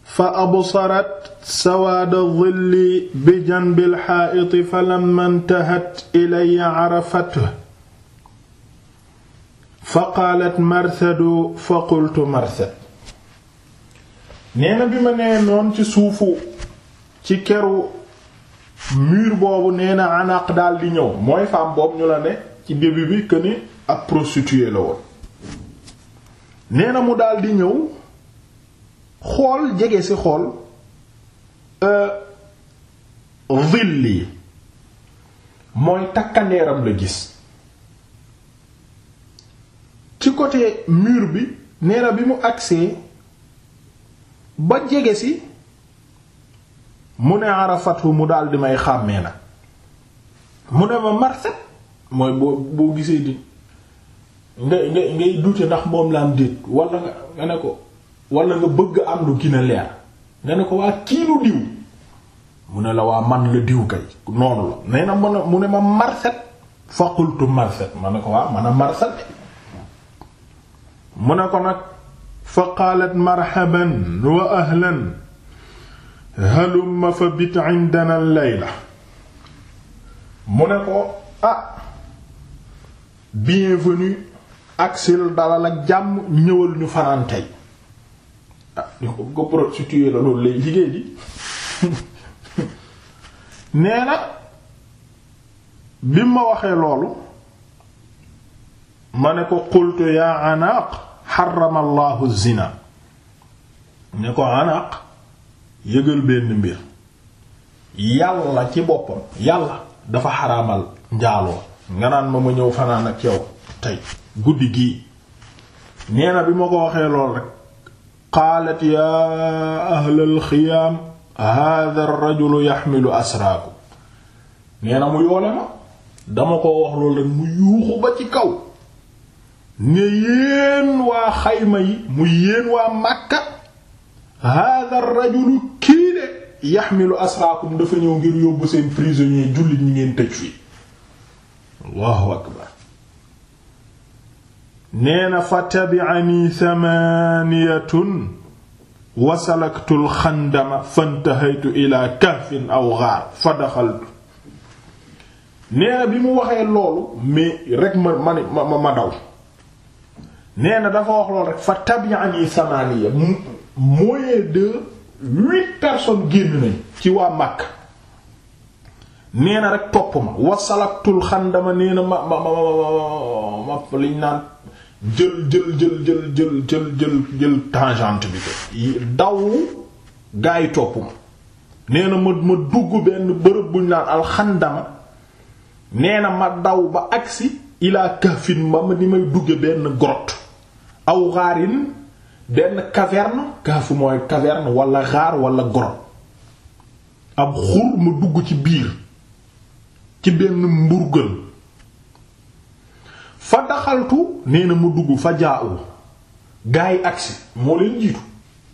S1: fa absarat sawaada dilli bi janbi alxaaiti fa lamma ntahat ilaya arafathu fa qaalat marsadu fa qultu marsad nee bi ma nee noon ci suufu ci këru mur boobu nee na anaq daal ñëw mooy femme boobu ñu la ne ci début bi que ni ab prostituée la woon nee mu daldi ñëw xool jege ci xool villi euh, mooy takkandeeram la gis ci côté mur bi nee bi mu agsee ba jege si mu ne arafatu mu daal di may xàmmee nag mu ne ma marset mooy boo boo gisee di nga nga ngay duute ndax moom la am déet walla nga nga ne ko wala nga bëgg am lu gën ne ko waa kiilu diw mu ne la waa man la diw kay noonu la nee na mu ne ma marset faqultu marset ma ne ko waa man a marset mu ne ko nag fa qaalat marxaban wa ahlan halumma fa bit indana layla ah, dalal ak jàmm ñëwal ñu fanaan tey ah, nee na bi ma waxee loolu ma ne ko qultu yaa anaaq xarama llahu zina ne ko anaq yëgal benn mbir yàlla ci boppam yàlla dafa xaraamal njaaloo nga naan ma ma ñëw fanaan ak yow tey guddi gii nee bi ma ko waxee lool rek qaalat yaa ahlal xiyaam hada rajulu yaxmilu asraakum nee mu yoole ma dama ko wax lool rek mu yuuxu ba ci kaw ne yéen waa xayma yi mu yéen waa Makka hada rajulu kii de yaxmilu asraakum dafa ñëw ngir yóbbu seen prisonnier jullit ñi ngeen tëj fii allahu akbar nee na fa tabi'ani thamaniyatun wasalaktu alxandama fantahaytu ila kahfin aw gaar fa daxaltu nee bi mu waxee loolu mais rek ma ma ma daw nee na dafa wax loolu rek fa tabi'ani samaniya moyen de huit personnes génn nañ ci waa Makka nee rek topp ma wasalaktul xandama nee na ma ma ma ma naan jël gaa yi topp nee na ma ma dugg benn bërëb buñ naan alxandama nee na ma daw ba agsi ilaa kahfin ma ni may dugge benn grotte aw xaarin benn caverne kahfu mooy caverne walla xaar wala grotte ab xur ma dugg ci biir ci benn mburgal fa daxaltu nee na mu dugg fa jaawu gaa yi agsi moo leen jiitu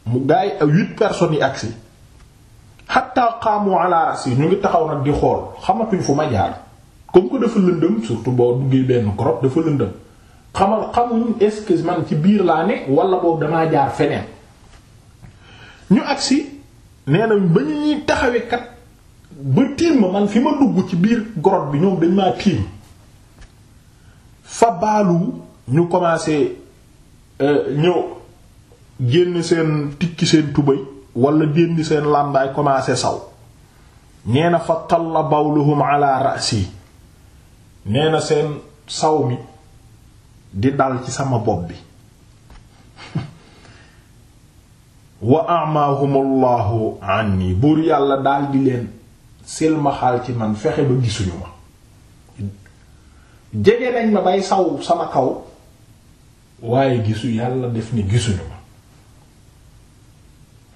S1: mu gaa yi huit personnes yi agsi xatta xaamu ala rasi ñu ngi taxaw nag di xool xamatuñ fu ma jaar comme que dafa lëndëm surtout boo duggee benn grotte dafa lëndëm xamal xamuñ est ci biir laa ne wala boobu damaa jaar feneen ñu agsi nee na ba ñu ñuy taxawee kat ba tiim ma man fi ma dugg ci biir grotte bi ñoom dañ maa tiim fa baalu ñu commencé euh, ñëw génn seen tikki seen tubay wala génn seen làmbaay commencé saw nee na fa talla bawluhum ala rasi nee seen saw mi di dal ci sama bopp bi wa amaahumullahu anni buur yàlla daal di leen silmaxaal ci man fexe ba gisuñu ma jege nañ ma bay saw sama kaw waaye gisu yàlla def ni gisuñu ma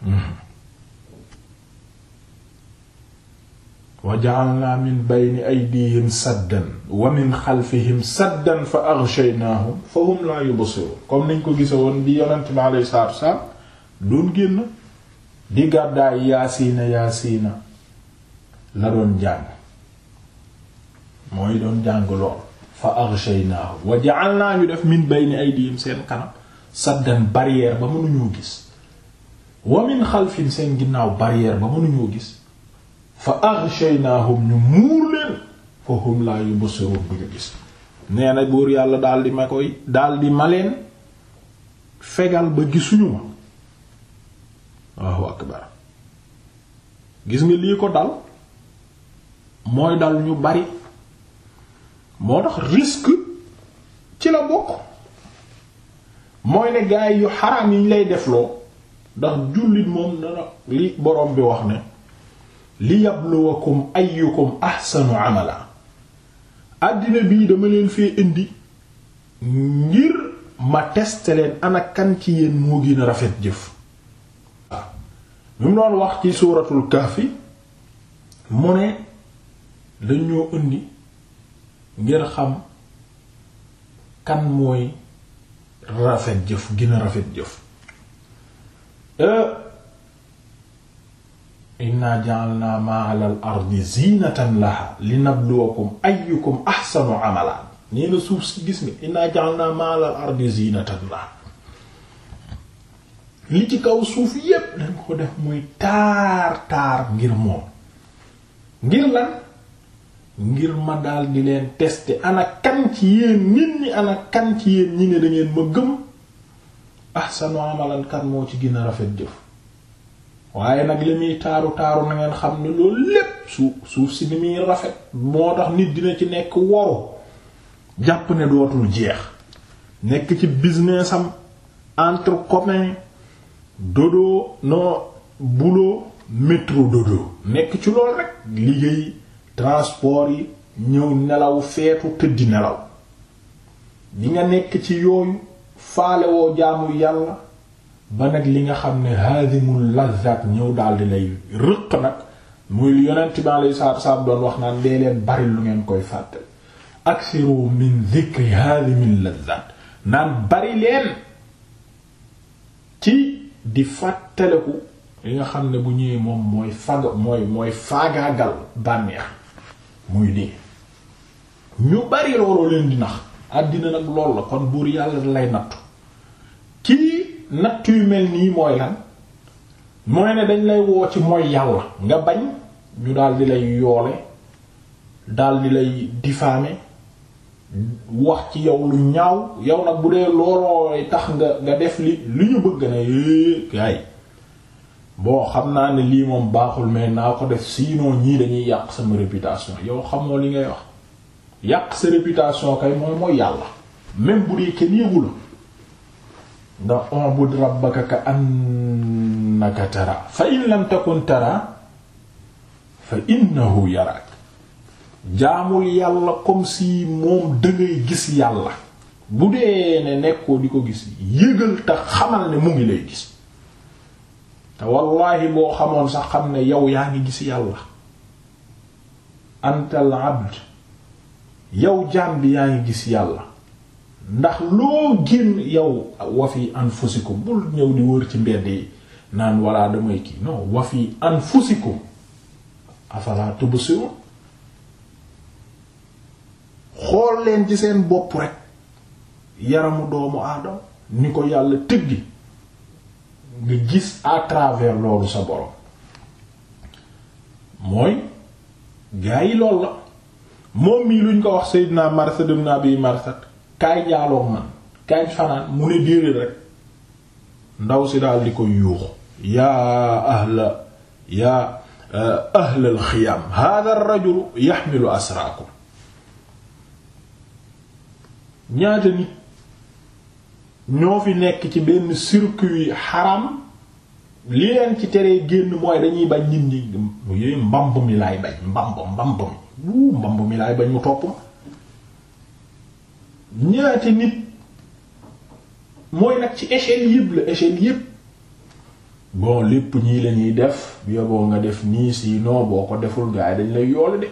S1: hmm. wa ja'alna min bayni aydihim wa min fa aghshaynahum fa comme niñ ko gisa woon bi yonent bi alayhi salaatu di gàddaay yaasiina yaasiina la doon jàng doon jàng lool fa aghshaynahum wa ñu def min bayni aydihim seen kanam saddan barrière ba mënuñoo gis wa min seen ginnaaw barrière ba mënuñoo gis fa aghshaynahum ñu muur leen fa hum la yubsirun bu ñu gis nee na buur yàlla daal di ma koy daal di ma leen fegal ba gisuñu ma Allahu akbar gis nga lii ko dal mooy dal ñu bari moo tax risque ci la bokk mooy ne gaay yu xaraam yi ñu lay defloo ndax jullit moom dana li borom bi wax ne li yabluwakum ayyukum ahsanu amala àddina bii dama leen fee indi ngir ma teste leen ana kan ci yéen moo gën a rafet jëf lu mu wax ci suuratul kahfi mu ne dañoo indi ngir xam kan mooy rafet jëf gën rafet jëf euh, inna ja'alna ma'al al ardi zinatan laha linabluwakum ayyukum ahsanu amala nee suuf si gis ni inna ja'alna ma'al al ardi zinatan laha li ci kaw suuf yépp dañ ko def muy taar taar ngir moom ngir lan ngir ma daal leen tester ana ci yéen nit ñi ana ci yéen ñi ne da ma gëm ahsanu amalan moo ci gën rafet jëf waaye nag li muy taaru taaru na xam ne loolu lépp suuf si ni muy rafet moo tax nit dina ci nekk waru jàpp ne dootul jeex nekk ci business am entre commun dodo no boulot métro dodo nekk ci loolu rek liggéey transport yi ñëw nelaw feetu tëddi nelaw di nga nekk ci yooyu faale woo yàlla ba nag li nga xam ne haazimul lazzat ñëw daldi lay rëq nag muy li yonent bi alayhi salaatu wassalaam doon wax naan dee leen bari lu ngeen koy fàttali aksiru min zikri haazimil lazzat naan bari leen ci di fàttaliku li nga xam ne bu ñëwee moom mooy faga mooy mooy bànneex muy dee ñu bari looloo leen di nax àddina nag lool la kon buur yàlla lay nattu kii natt yu mel nii mooy lan mooy ne dañ lay woo ci mooy yàlla nga bañ ñu daal di lay yoole daal di lay diffamer wax ci yow lu ñaaw yow nag bu dee loolooy tax nga nga def li li ñu bëgg ne é eh, gaay boo xam naa ne lii moom baaxul mais naa ko def sinon ñii dañuy yàq sama réputation yow xamoo li ngay wax yàq sa réputation kay mooy mooy yàlla même bu dee kenn yëgu ndax u'bud rabbaka ka annaka tara fa in lam takun tara fa innahu yaraak jaamul yàlla comme si moom dangay gis yàlla bu dee ne nekkoo di ko gis yëgal te xamal ne mu ngi lay gis te wallaahi boo xamoon sax xam ne yow yaa ngi gis yàlla antal abd yow jaam bi yaa ngi gis yàlla ndax loo génn yow wa fi anfusikum bul ñëw di wër ci mbedd yi naan walla damay kii non wa fi anfusikum afala tubsirun xool leen ci seen bopp rek yaramu doomu aadama ni ko yàlla tëggi nga gis à loolu sa borom mooy gaa yi lool la moom mii luñ ko wax Seydina Marsad ibn Abi Marsad kaay jaaloog man kaay fanaan mu ne déedéet rek ndaw si daal di ko yuux yaa ahla yaa eh, ahlal xiyaam hada rajulu yaxmilu asraakum ñaata nit ñoo fi nekk ci benn circuit xaram li leen ci teree génn mooy dañuy bañ nit ñi mbamb mi laay bañ mbamb mbamb mi wuu mbamb mi laay bañ mu topp ma ñaati nit mooy nag ci échelle yëpp la échelle yëpp bon lépp ñii la ñuy def yoboo nga def nii si non boo ko deful gaa dañ lay yoolu de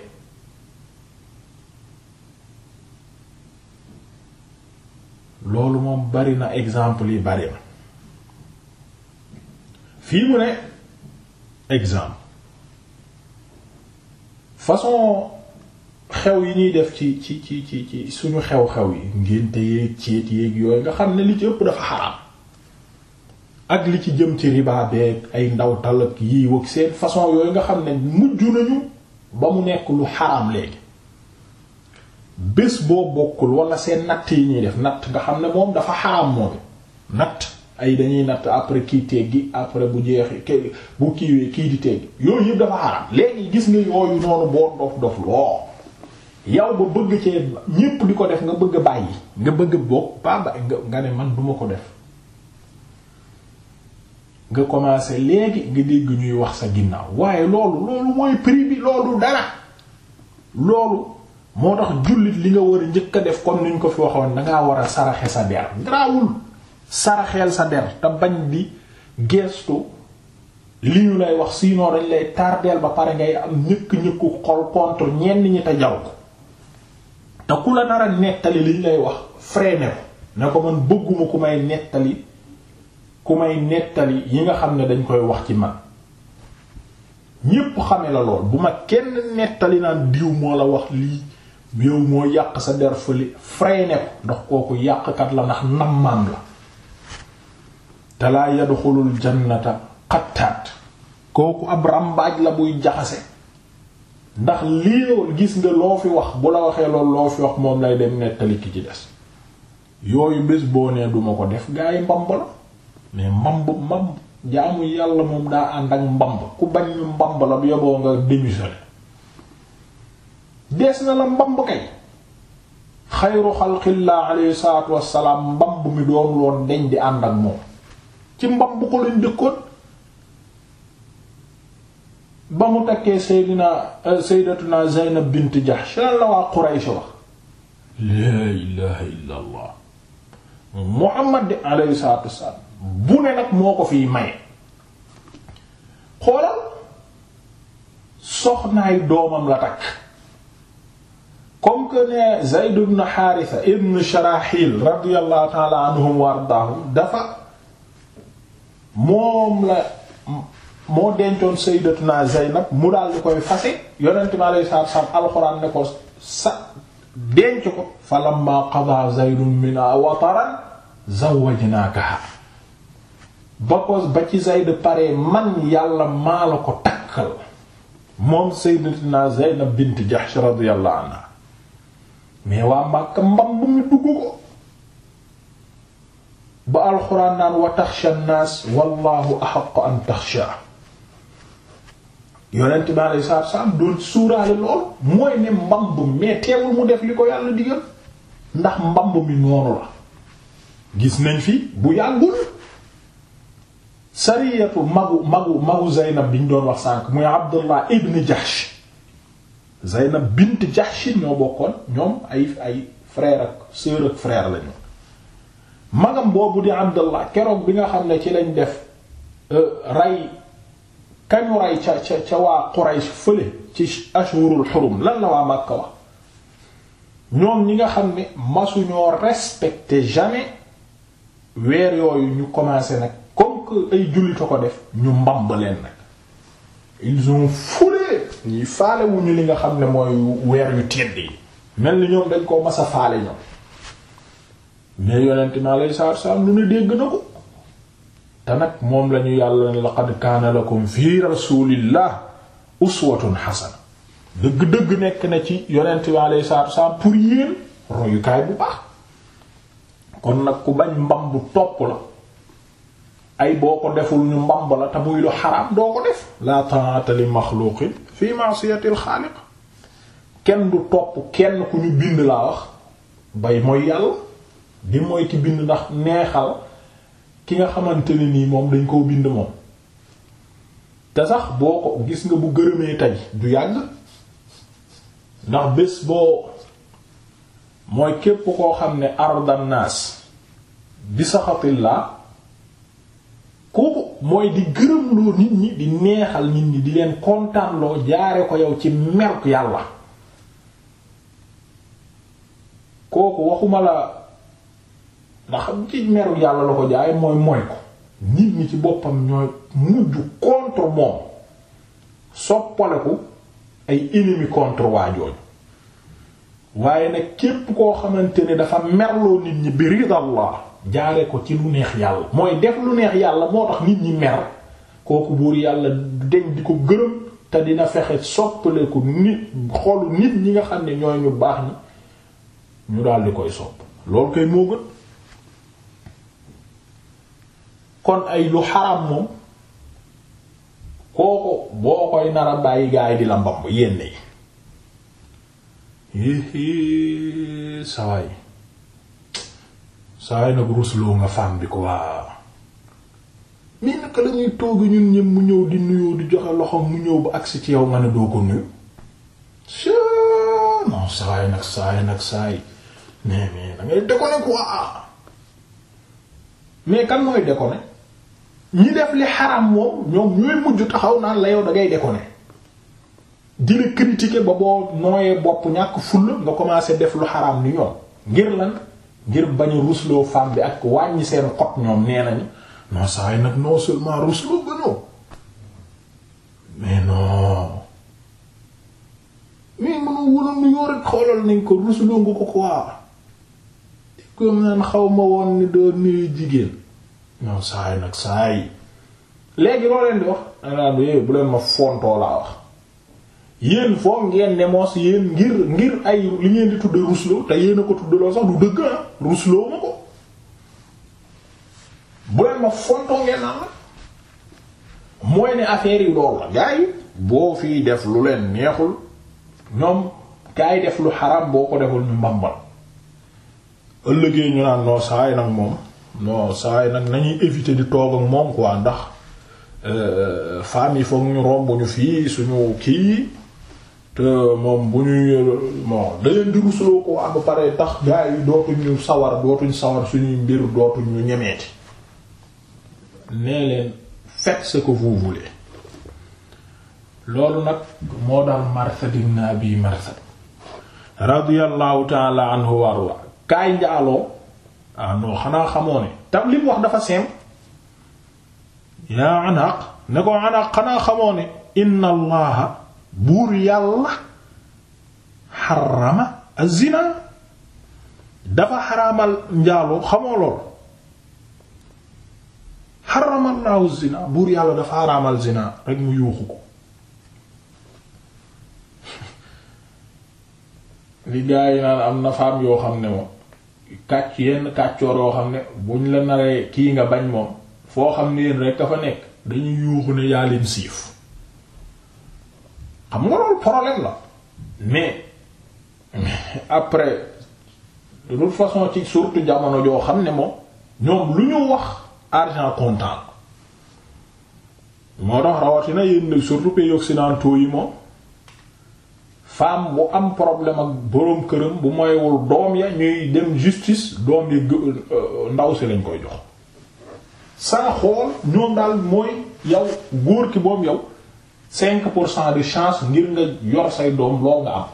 S1: loolu moom bari na exemple yi bari na fii mu ne exemple façon xew yi ñuy def ci ci ci ci ci suñu xew-xew yi ngénte yeeg céet yeeg yooyu nga xam ne li ci dafa xaraam ak li ci jëm ci riba beeg ay ndaw talak yii wag seen façon yooyu nga xam ne mujj nañu ba mu nekk lu xaraam léegi bés boo bokkul walla seen natt yi ñuy def natt nga xam ne moom dafa xaraam moom natt ay dañuy natt après kii teggi après bu jeex ke bu kiiwee kii di teggi yooyu yëpp dafa xaraam léegi gis nga yooyu noonu boo dof dof loo yow ba bëgg cee ñépp di ko def nga bëgg a bàyyi nga bëgg bokk ba ba nga ne man duma ko def nga commencé léegi nga dégg ñuy wax sa ginnaaw waaye loolu loolu mooy prix bi loolu dara loolu moo tax jullit li nga war a njëkk a def comme ni ko fi waxoon dangaa war a saraxe sa der garaawul saraxeel sa der te bañ di gestu li ñu lay wax sinon dañ lay tardeel ba pare ngay am ñëkk ñëkku xol contre ñenn ñi te jaw ko te ku la nar nettali liñ lay wax freiné ko ne ko man bëgguma ku may nettali ku may nettali yi nga xam ne dañ koy wax ci man ñépp xame la lool bu ma kenn nettali naan diw moo la wax lii yow moo yàq sa der fële freiné ko ndax kooku yàqkat la ndax nammaam la te laa yadxulul jannata xattaat kooku ab rambaaj la buy jaxase ndax lii loolu gis nga loo fi wax bu la waxee lool loo fi wax moom lay dem nettali ki ci des yooyu bés boo nee duma ko def gaa yi mbamb la mais mbamb mbamb jaamu yàlla moom daa ànd ak mbamb ku bañ ñu mbamb la bu yoboo nga na la mbamb kay xayru xalqillah alayhi salaatu wassalaam mbamb mi doon loon deñ di ànd ak moom ci mbamb ko lañ dëkkoon ba mu takkee Seydina euh, Seydatuna Zeynab bint Jahsh lan la waa Quraysh wax laa ilaha illa allah Muhammad alayhi salaatu wassalaam la takk comme que ne Zayd ibn Haritha ibn Sharahil ta'ala anhum wa ardaahum dafa moom la moo dencoon sayyidatuna Zaynab mu daal di koy fase yonent mi alayhi salaatu alxuraan ne ko sa denc ko falammaa qadaa Zaydun minhaa wataran zawwajnaakahaa ba ko ba ci Zayd pare man yàlla maa la ko takkal moom sayyidatuna Zaynab bint Jahsh radiyallahu anha mais waa Makka mbam bu mu dugg ko ba alxuraan naan wa taxsha an-naas wallaahu an taxshaa yonent bi alei saatu salaam doon suuraale lool mooy ne mbamb mais teewul mu def li ko yàlla digal ndax mbamb mi noonu la gis nañ fi bu yàggul sariyatu magu magu magu Zeynab bi ñu doon wax sànk muy Abdullah ibn Jahsh Zeynab bint Jahsh ñoo bokkoon ñoom ay ay frère ak sœur ak frère lañu magam boobu di Abdullah keroog bi nga xam ne ci lañ def euh, rey kañu rey ca ca ca waa Quraysh fële ci ashurul xurum lan la waa Makka wax ñoom ñi nga xam ne masuñoo respecté jamais weer yooyu ñu commencé nag comme que ay jullit a ko def ñu mbamb leen nag ils ont foulé ñi faale wuñu li nga xam ne mooy weer yu tedd yi mel ni ñoom dañ koo mas faale ñoom mais yonent mi alayhi salaatu wa salaam lu ne dégg na te nag moom lañu yàlla ne laqad kaana lakum fi rasulillah uswatun hasana dëgg-dëgg nekk na ci yonent bi alayhi salaatu wassalaam pour yéen royukaay bu baax kon nag ku bañ mbam bu topp la ay boo ko deful ñu mbamb la te muy lu xaraam doo ko def la ta'ata li fi ma'siyati al kenn du topp kenn ku ñu bind laa wax bay mooy yàlla di mooy ki bind ndax neexal ki nga xamante ne nii moom dañ koo bind moom te sax boo ko gis nga bu gërëmee tey du yàgg ndax bés boo mooy képp koo xam ne ardanaas naas bi saxatillah kooku mooy di gërëmloo nit ñi di neexal nit ñi di leen kontaanloo jaare ko yow ci merk yàlla kooku waxuma la ndax ci meru yàlla la ko jaay mooy mooy ko nit ñi ci boppam ñooy mujj contre moom soppale ko ay ennemi contre waa jooju waaye nag képp koo xamante ne dafa merloo nit ñi bi ridallah jaare ko ci lu neex yàlla mooy def lu neex yàlla moo tax nit ñi mer kooku buur yàlla deñ di ko gërëm te dina fexe soppale nit xolu nit ñi nga xam ne ñooy ñu baax ñi ñu daal di koy sopp loolu koy moo gën kon ay lu xaraam moom kooku boo koy nar a bàyyi gaay di la mbamb yenn yi sawaay sawaay nag rusloo nga femme bi ko waa nii naka lañuy toogu ñun ñëpp mu ñëw di nuyoo di joxe loxo mu ñëw ba agsi ci yow nga ne doo ko nuyu non sawaay nag sawaay nag sawaay mais mais dangay déconner quoi mais kan mooy déconner ñi def li xaram moom ñoom ñooy mujj taxaw naan la yow da ngay déconner di la critiquer ba boo nooyee bopp ñàkk fulla nga commencé def lu xaram ni ñoom ngir lan bi ak wàññi seen xot ñoom nee nañu non saa yi nag non seulement rusloo gënoo mais non mais mënu wulon nu yoo rek xoolal nañ ko rusloo nga ko quoi di ko naan xaw ma woon ni doo nuyu jigéen non saa yi nag saa yi léegi loo la di wax danaa ne bu leen ma fontoo laa wax yéen foog ngeen ne mos ngir ngir ay li ngeen di tudde rusloo te yéen ko tuddaloo sax du dëgg ah rusloo ma ko bu leen ma fontoo ngeen am mooy ne affaire yi loolu la gars yi boo def lu leen yi boo ko deful ñu mbambal ëllëgee ñu naan noo saay nag moom. non saa yi nag nañuy éviter di toog ak moom quoi ndax euh, femmes yi foog ñu romb ñu fii suñu kii te moom bu ñuy bon da leen di rusloo ko ba pare tax gars yi dootuñ ñu sawar dootuñ sawar suñuy mbir dootuñ ñu ñemeeti nee leen faites ce que loolu nag moo daan Marsad ibn Abi Marsad radiyallahu ta'ala anhu warwa kaay njaaloo ah non xanaa xamoo ne tam li wax dafa seem yaa anaq ne ko anaq xanaa xamoo ne inna allaha buur yàlla xarama azina dafa xaraamal njaaloo xamoo lool xaramallahu zina buur yàlla dafa xaraamal zina rek mu yuuxu ko li naan am na yoo xam ne moom kàcc yenn kàccoor yoo xam ne ñu la naree kii nga bañ moom foo xam ne yéen rek dafa nekk dañuy yuuxu ne yaa leen siif xam nga loolu problème la mais après de toute façon ci surtout jamono joo xam ne moom ñoom lu ñu wax argent comptant moo tax rawatina yéen surtout pays occidentaux yi moom. femme bu am problème ak boroom këram bu moywul doom ya ñuy dem justice doom yi euh, ndaw si lañ koy jox saa xool ñoom daal mooy yow góor ki boobu yow cinq pour cent de chance ngir nga yor say doom loo nga am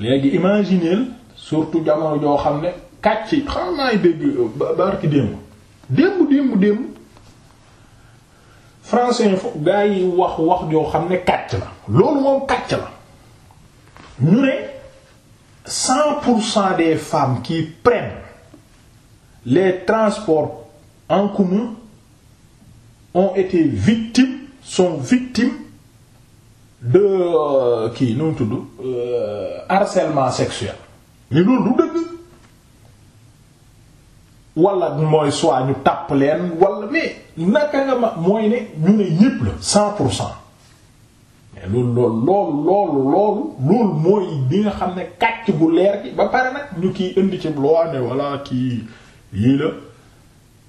S1: léegi imagineel surtout jamono joo xam ne kàcc xam naa dégg euh, barki démb démb démb démb français fo gaa yi wax wax joo xam ne kàcc la loolu moom kàcc la ñu ne cent pour cent des femmes qui prennent les transports en commun ont été victimes sont victimes de euh, kii nu mu tudd euh, harcèlement sexuel ni loolu du dëgg wala mooy soit ñu tàpp leen wala mais naka nga ma mooy ne ñu ne ñépp la pour cent Eh, loolu loolu loolu mooy bi nga xam ne kàcc bu leer gi ba pare nag ñu kii indi ci loi ne walla kii yii la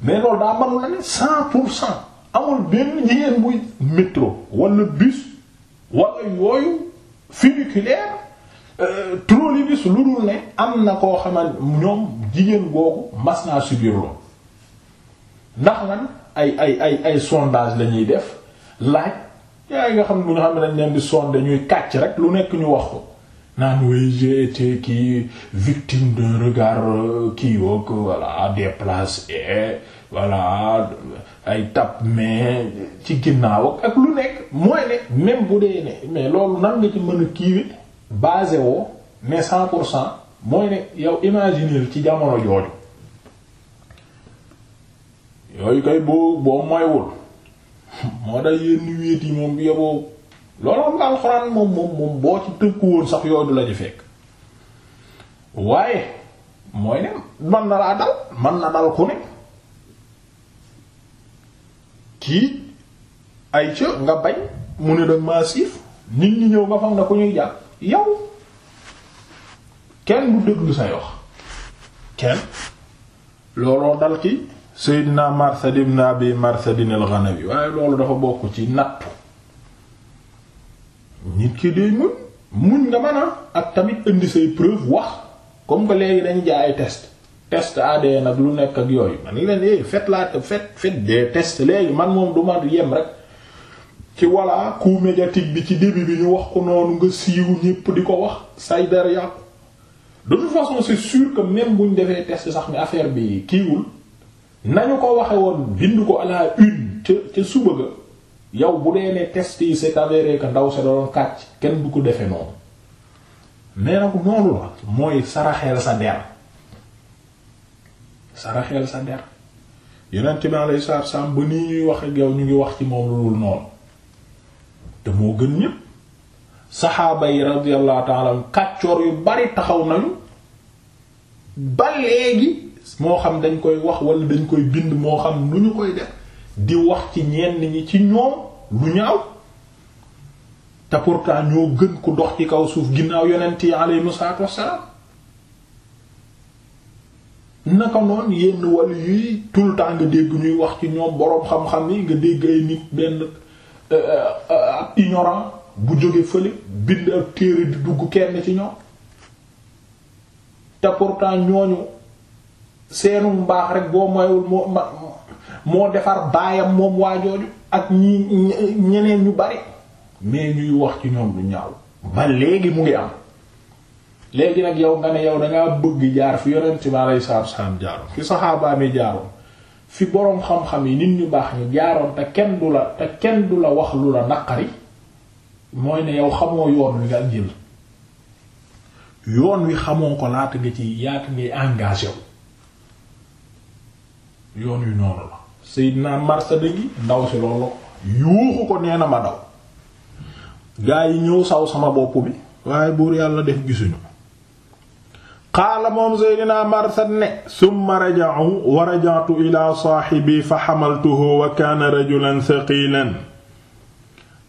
S1: mais loolu daa manu ne cent pour cent amul benn jigéen buy métro wala bus wala yooyu funiculaire euh, trolleybus lu dul ne am na koo xaman ñoom jigéen googu mas naa subir loolu ndax lan ay ay ay sondage lañuy def laaj yaa nga xam ne bu ñu xam ne dañ leen di sonde ñuy kàcc rek lu nekk ñu wax ko naan way j'ai été kii victime d'un regard euh, kii woog voilà déplacé voilà ay tap mais ci ginnaaw ak lu nekk mooy ne même bu dee ne mais loolu nan nga ci mën a kiiwe basé woo ne cent pour cent mooy ne yow imaginer ci jamono jooju yooyu koy boo boo mooy wul moo tax yenn wéet moom yoboo loolu am nga alxuraan moom moom moom boo ci tëkku woon sax yooyu du la ci fekk waaye mooy ne man na laa dal man na dal ku ne kii ay ca nga bañ mu ne dag maa siif nit ñi ñëw nga fam na ku ñuy jàpp yow kenn du déglu say wax kenn looloo dal ki Seydina Marsad ibn Abi Marsad al-Ghanawi waaye loolu dafa bokk ci nattu nit ki day muñ muñ nga mën a ak tamit indi say preuve wax comme que léegi dañ jaay test test ADN ak lu nekk ak yooyu man leen eh fet laa fet fet des tests léegi man moom du ma yem rek ci walla coup médiatique bi ci début bi ñu wax ko noonu nga siiw ñépp di ko wax say der yàqu de toute façon c'est sûr que même buñ defee test sax ni affaire bi kiiwul. nañu ko waxe woon bind ko à la une ca ca suba ga yow bu dee ne test yi c'est avéré ndaw sa doon kàcc kenn du ko defee noonu mais nag noonu la mooy saraxeel sa der saraxeel sa der yonent bi alayhi salaatu ba ni ñuy wax yow ñu ngi wax ci moom lu noonu te moo gën ñépp saxaaba yi radiyallahu ta'ala kàccoor yu bari taxaw nañu ba léegi moo xam dañ koy wax wala dañ koy bind moo xam nu ñu koy def di wax ci ñenn ñi ci ñoom lu ñaaw te pourtant ñoo gën ku dox ci kaw suuf ginnaaw yonent yi aleyhimu salaatu wassalaam naka noon yenn wàllu yuy tout le temps nga dégg ñuy wax ci ñoom boroom xam-xam yi nga dégg ay nit benn euh, euh, ab ignorant bu jóge fële bind ak téere di dugg kenn ci ñoom te ñooñu seenu mbaax rek boo moywul moo moo defar baayam moom waajooju ak ñi ñeneen ñu bari mais ñuy wax ci ñoom lu ñaaw ba léegi mu ngi am léegi nag yow nga ne yow dangaa bëgg jaar fi yonent bi alayhi salaatu salaam jaaroon fi saxaabaam jaaroon fi boroom xam-xam yi nit ñu baax ñu jaaroon te kenn du la te kenn du la wax lu la naqari mooy ne yow xamoo yoon wi nga jël yoon wi xamoo ko laata nga ci yaat ngay engagé wu yoon yu noonu ndaw si loolu yuuxu ko nee na ma daw gaa yi ñëw saw sama bopp bi waaye buur yàlla def gisuñu qaala moom Seydina Marsad ne summa raja'u wa ila saahibi fa hamaltuhu wa kaana rajulan thaqilan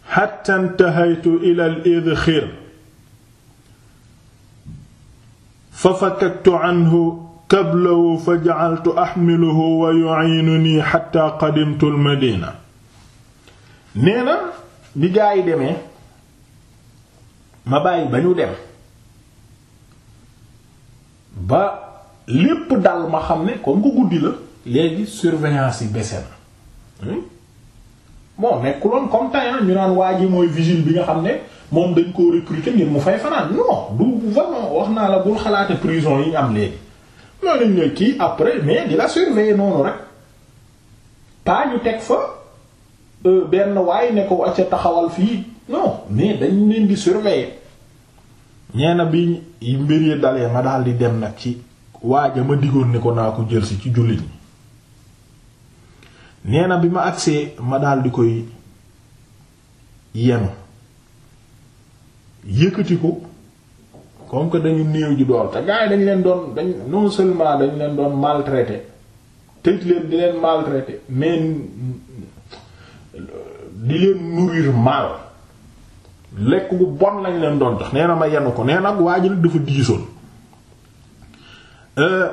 S1: hatta ila al-idkhir fa fakaktu anhu kablahu fa jacaltu axmiluhu wa yuciinunii xatta qadimtu almadina nee bi gaa yi demee ma bàyyi ba ñu dem ba lépp dal ma xam ne comme ko guddi la léegi surveillance yi bese na hmm? bon nekkuloon comme temps ah, ñu naan waa ji mooy vigile bi nga xam ne moom dañ koo recruter ngir mu fay fanaan non du vraiment wax naa la bul xalaate prison yi ñu am léegi loolu lañ lay kii après mais di la surveiller noonu rek pas ñu teg fa euh, benn waay ne ko acca taxawal fii non mais dañ leen di surveiller ñeena bi mbir yi dalee ma daal di dem nag ci waaja ma digoon ne ko naa ko jëlsi ci jullit ñi nee bi ma agsee ma daal di koy yenu yëkkati ko comme que dañu néew ji dool te gars yi dañ leen doon dañ non seulement dañ leen doon maltraité tëj leen di leen maltraité mais di leen nourrir mal lekk gu bon lañ leen doon jox nee na ma yenn ko nee na waa du fa diisoon euh,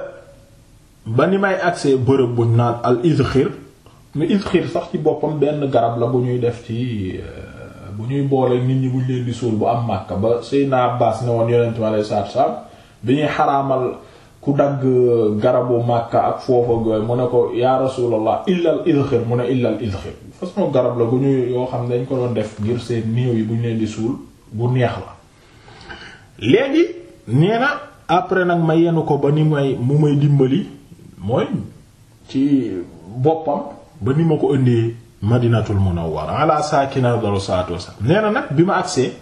S1: ba ni may agse bërëb buñ naat al izxir mais izxir sax ci boppam benn garab la bu ñuy def ci euh, bu ñuy boolee nit ñi buñ leen di suul bu am màkka ba Seydina Abbaas ne woon yonent mi alayhi salaatu salaam bi ñuy xaraamal ku dagg garabu màkka ak foofa gooy mu ne ko ya rasulallah illal idxir mu ne illal idxir façon garab la bu ñuy yoo xam ne dañ ko doon def ngir seen néew yi buñ leen di suul bu neex la léegi après nag ma yenu ko ba ni may mu may dimbali mooy ci boppam ba ni ma ko ëndee madinatul munawwara ala saakina daru salaatu wassalaam nee na nag bi ma agsee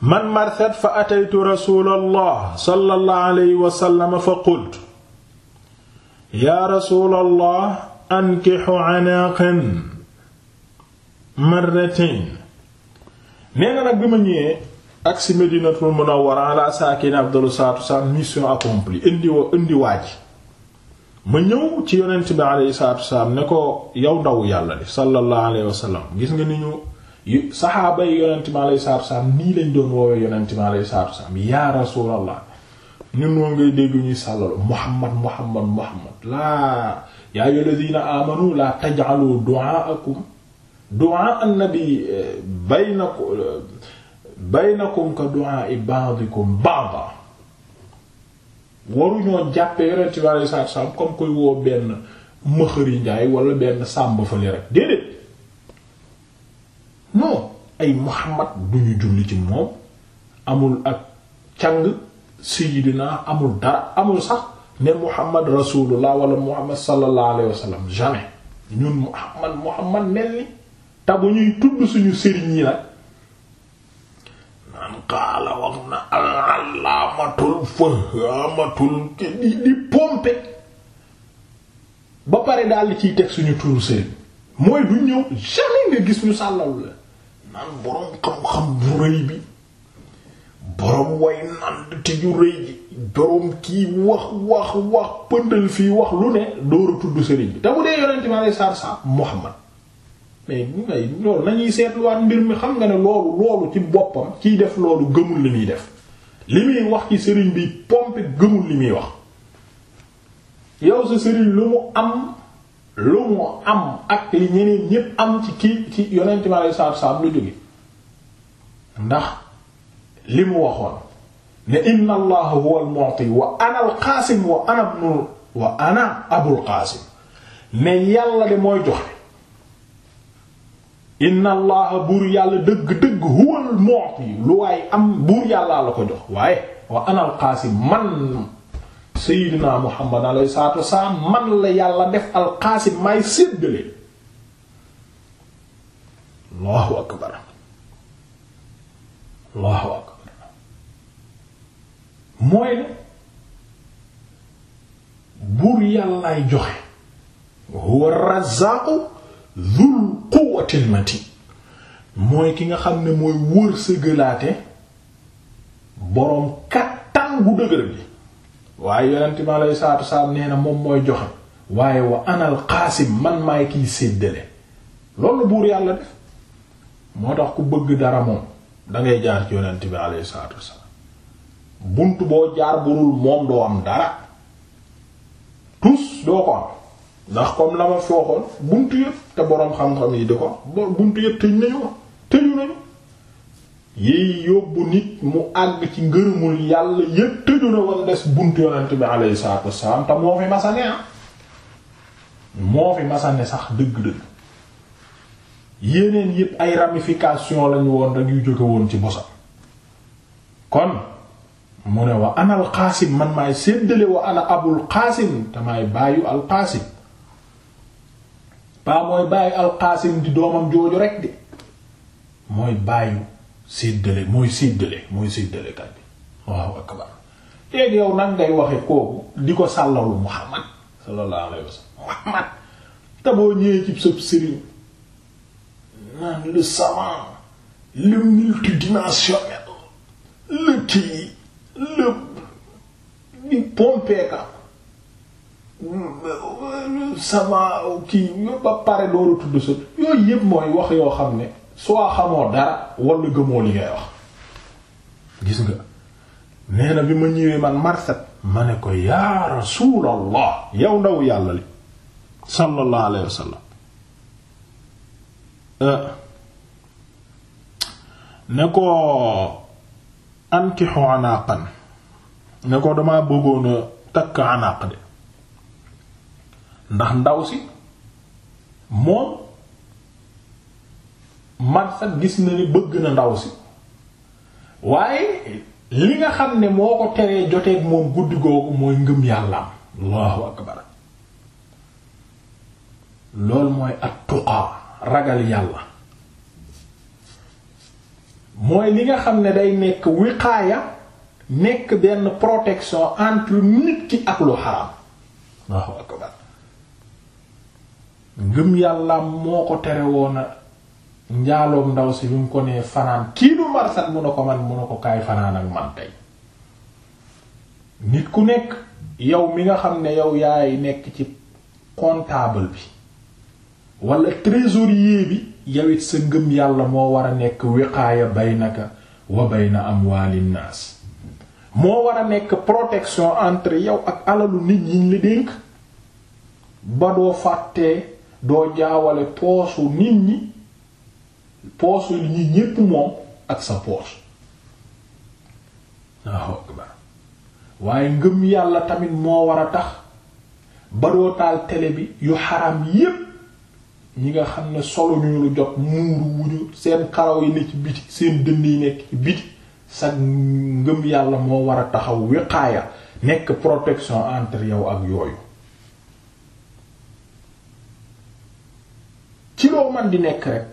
S1: man marsad fa ataytu rasuulallah sallallahu alayhi wa fa qultu yaa rasuulallah ankixu anaaqan marratayn nee nag bi ma ñëwee agsi madinatul munawwara ala saakina daru salaatu wassalaam mission accomplie indi waaj ma ñëw ci yonent bi alayhi salaatu wasalaam ne ko yow ndaw yàlla li sallallahu alayhi wasallam gis nga ni ñu saxaaba yi yonent bi alayhi salaatu wasalaam nii lañ doon woowee yonent bi alayhi salaatu wasalaam yaa rasuulallah ñun noo ngay dégg ñuy sàllalu muhammad muhammad muhammad laa yaa ayyuha alladhina amanu laa taj'alu du'aakum du'aa an-nabi baynakum baynakum ka du'aa ba'dikum ba'dan waruñoo jàppee yonent bi alayhi salaatu salaam comme koy woo benn mëxëri njaay wala benn sàmba fële rek déedéet non ay Muhammad duñu julli ci moom amul ak càng sayyidina amul dara amul sax ne Muhammad rasulullah wala Muhammad sallallahu alayhi wa sallam jamais ñun Muhammad Muhammad mel ni te ñuy tudd suñu sëriñ yi nag qaala wax na alaamatul fahaamatul di pompe ba pare daal ciy teg suñu tuur seen mooy du ñëw jamais nga gis ñu sàllalu naan boroom xam-xam bu rëy bi boroom way nand te ju rëy ji boroom kii wax wax wax pëndal fii wax lu ne dooru tudd sëriñ bi te bu dee yonente mi alei satu salam Muhammad mais mais loolu nañuy seetluwaat mbir mi xam nga ne loolu loolu ci boppam ciy def loolu gëmul li muy def li muy wax ci sëriñ bi pompe gëmul li muy wax yow sa sëriñ lu mu am lu mu am ak li ñeneen ñépp am ci kii ci yonent mi alayhi salaatu salaam lu jóge ndax li mu waxoon ne inna allaha huwa al-mu'ti wa ana al wa ana ibnu wa ana abul qaasim ne yàlla de mooy joxe inna allaha buur yàlla dëgg-dëgg huwal mu'ti lu waaye am buur yàllaa la ko jox waaye wa ana alqaasim man sayyidina muhammad alayhi salatu wassalam man la yàlla def alqaasim maay séddale allahu akbar allahu akbar mooy ne buur yàllaay joxe huwa razzaqu dhul quwwatil mooy ki nga xam ne mooy wër sa gëlaate boroom kattan gu dëgër gi waaye yonent bi alayhi salaatu wasalaam nee na moom mooy joxe waaye wa anal xaasim man maay kiy séddale loolu buur yàlla def moo tax ku bëgg dara moom dangay jaar ci yonent bi alayhi salaatu wasalaam bunt boo jaar burul moom doo am dara tus doo ko am ndax comme la ma fi waxoon yëpp te boroom xam-xam yi di ko buntu yëpp tëj nañu ko tëju nañu yiy yóbbu nit mu àgg ci ngërëmul yàlla yëpp tëju na woon des buntu yonent bi alayhi salaatu wassalaam te moo fi masane ah. moo fi masane sax dëgg-dëgg yeneen yëpp ay ramification lañu woon rek yu jóge woon ci bosam kon mu ne wa ana alqaasim man maay séddale wa ana abul qaasim te maay bàyyu alqaasim paa mooy bàyyi alxaasim di doomam jooju rek de mooy bàyyi séddale mooy séddale mooy séddale kat waaw akbar léegi yow nan ngay waxe kooku di ko sàllalu muhammad sallallahu alayhi muhammad te ñëwee ci sëb sëriñ naan le savant le multidimensionnel le kii le di pompe sama kii ba pare loolu tudd sa yooyu yëpp mooy wax yoo xam ne soo xamoo dara wala gëmoo li ngay wax gis nga nee na bi ma ñëwee man marsat ma ne ko yaa rasuulallah yow ndaw yàlla li sallallahu alayhi euh, ne ko ankixu anaqan ne ko damaa bëggoona takk anaq de ndax ndaw si moom man gis na ni bëgg na ndaw si waaye li nga xam ne moo ko teree joteeg moom guddi googu mooy ngëm yàllaam allahu akbar loolu mooy at-tuqa ragal yàlla mooy li nga xam ne day nekk wiqaaya nekk benn protection entre nit ki ak lu xaraam allahu akbar ngëm yàllaam moo ko tere woona njaaloom ndaw si bi mu ko nee fanaan kii du marsat mu ne ko man mu ne ko kaay fanaan ak man tey nit ku nekk yow mi nga xam ne yow yaay nekk ci comptable bi wala trésorier bi yawit sa ngëm yàlla moo war a nekk wiqaaya baynaka wa bayna amwaalin naas moo war a nekk protection entre yow ak alalu nit ñi ñu dénk ba doo fàttee doo jaawale poosu nit ñi poosu nit ñi ñépp moom ak sa poos waaye ngëm yàlla tamit moo war a tax ba doo bi yu xaram yépp ñi nga xam ne solo ñu lu jot muuru wuñu seen karaw yi ne ci biti seen dënn yi nekk biti sa ngëm yàlla moo war a taxaw wiqaaya nekk protection entre yow ak yooyu ci loo man di nekk rek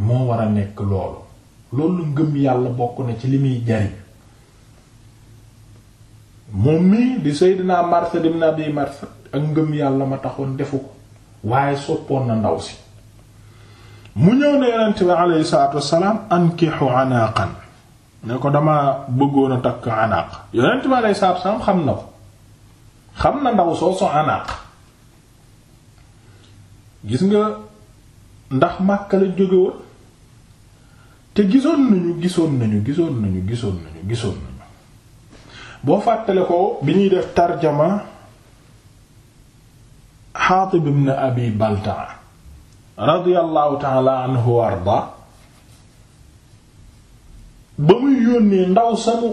S1: moo war a nekk loolu loolu ngëm yàlla bokk na ci li muy jariñ moom mii di Seydina Marsad ibn Abi Marsad ak ngëm yàlla ma taxoon defu ko waaye soppoon na ndaw si mu ñëw ne yonent bi aleyhi salaatu wassalaam ankixu anaqan ne ko dama bëggoon a takk anaq yonent bi aleyhi salaatu wassalaam xam na ko xam na ndaw soosu anaq gis nga ndax Makka la te gisoon nañu gisoon nañu gisoon nañu gisoon nañu gisoon boo fàttale ko bi ñuy def tarjama Xaatib ibn Abi Baltaa radiyallahu taala anhu wa arda ba muy yónnee ndaw samu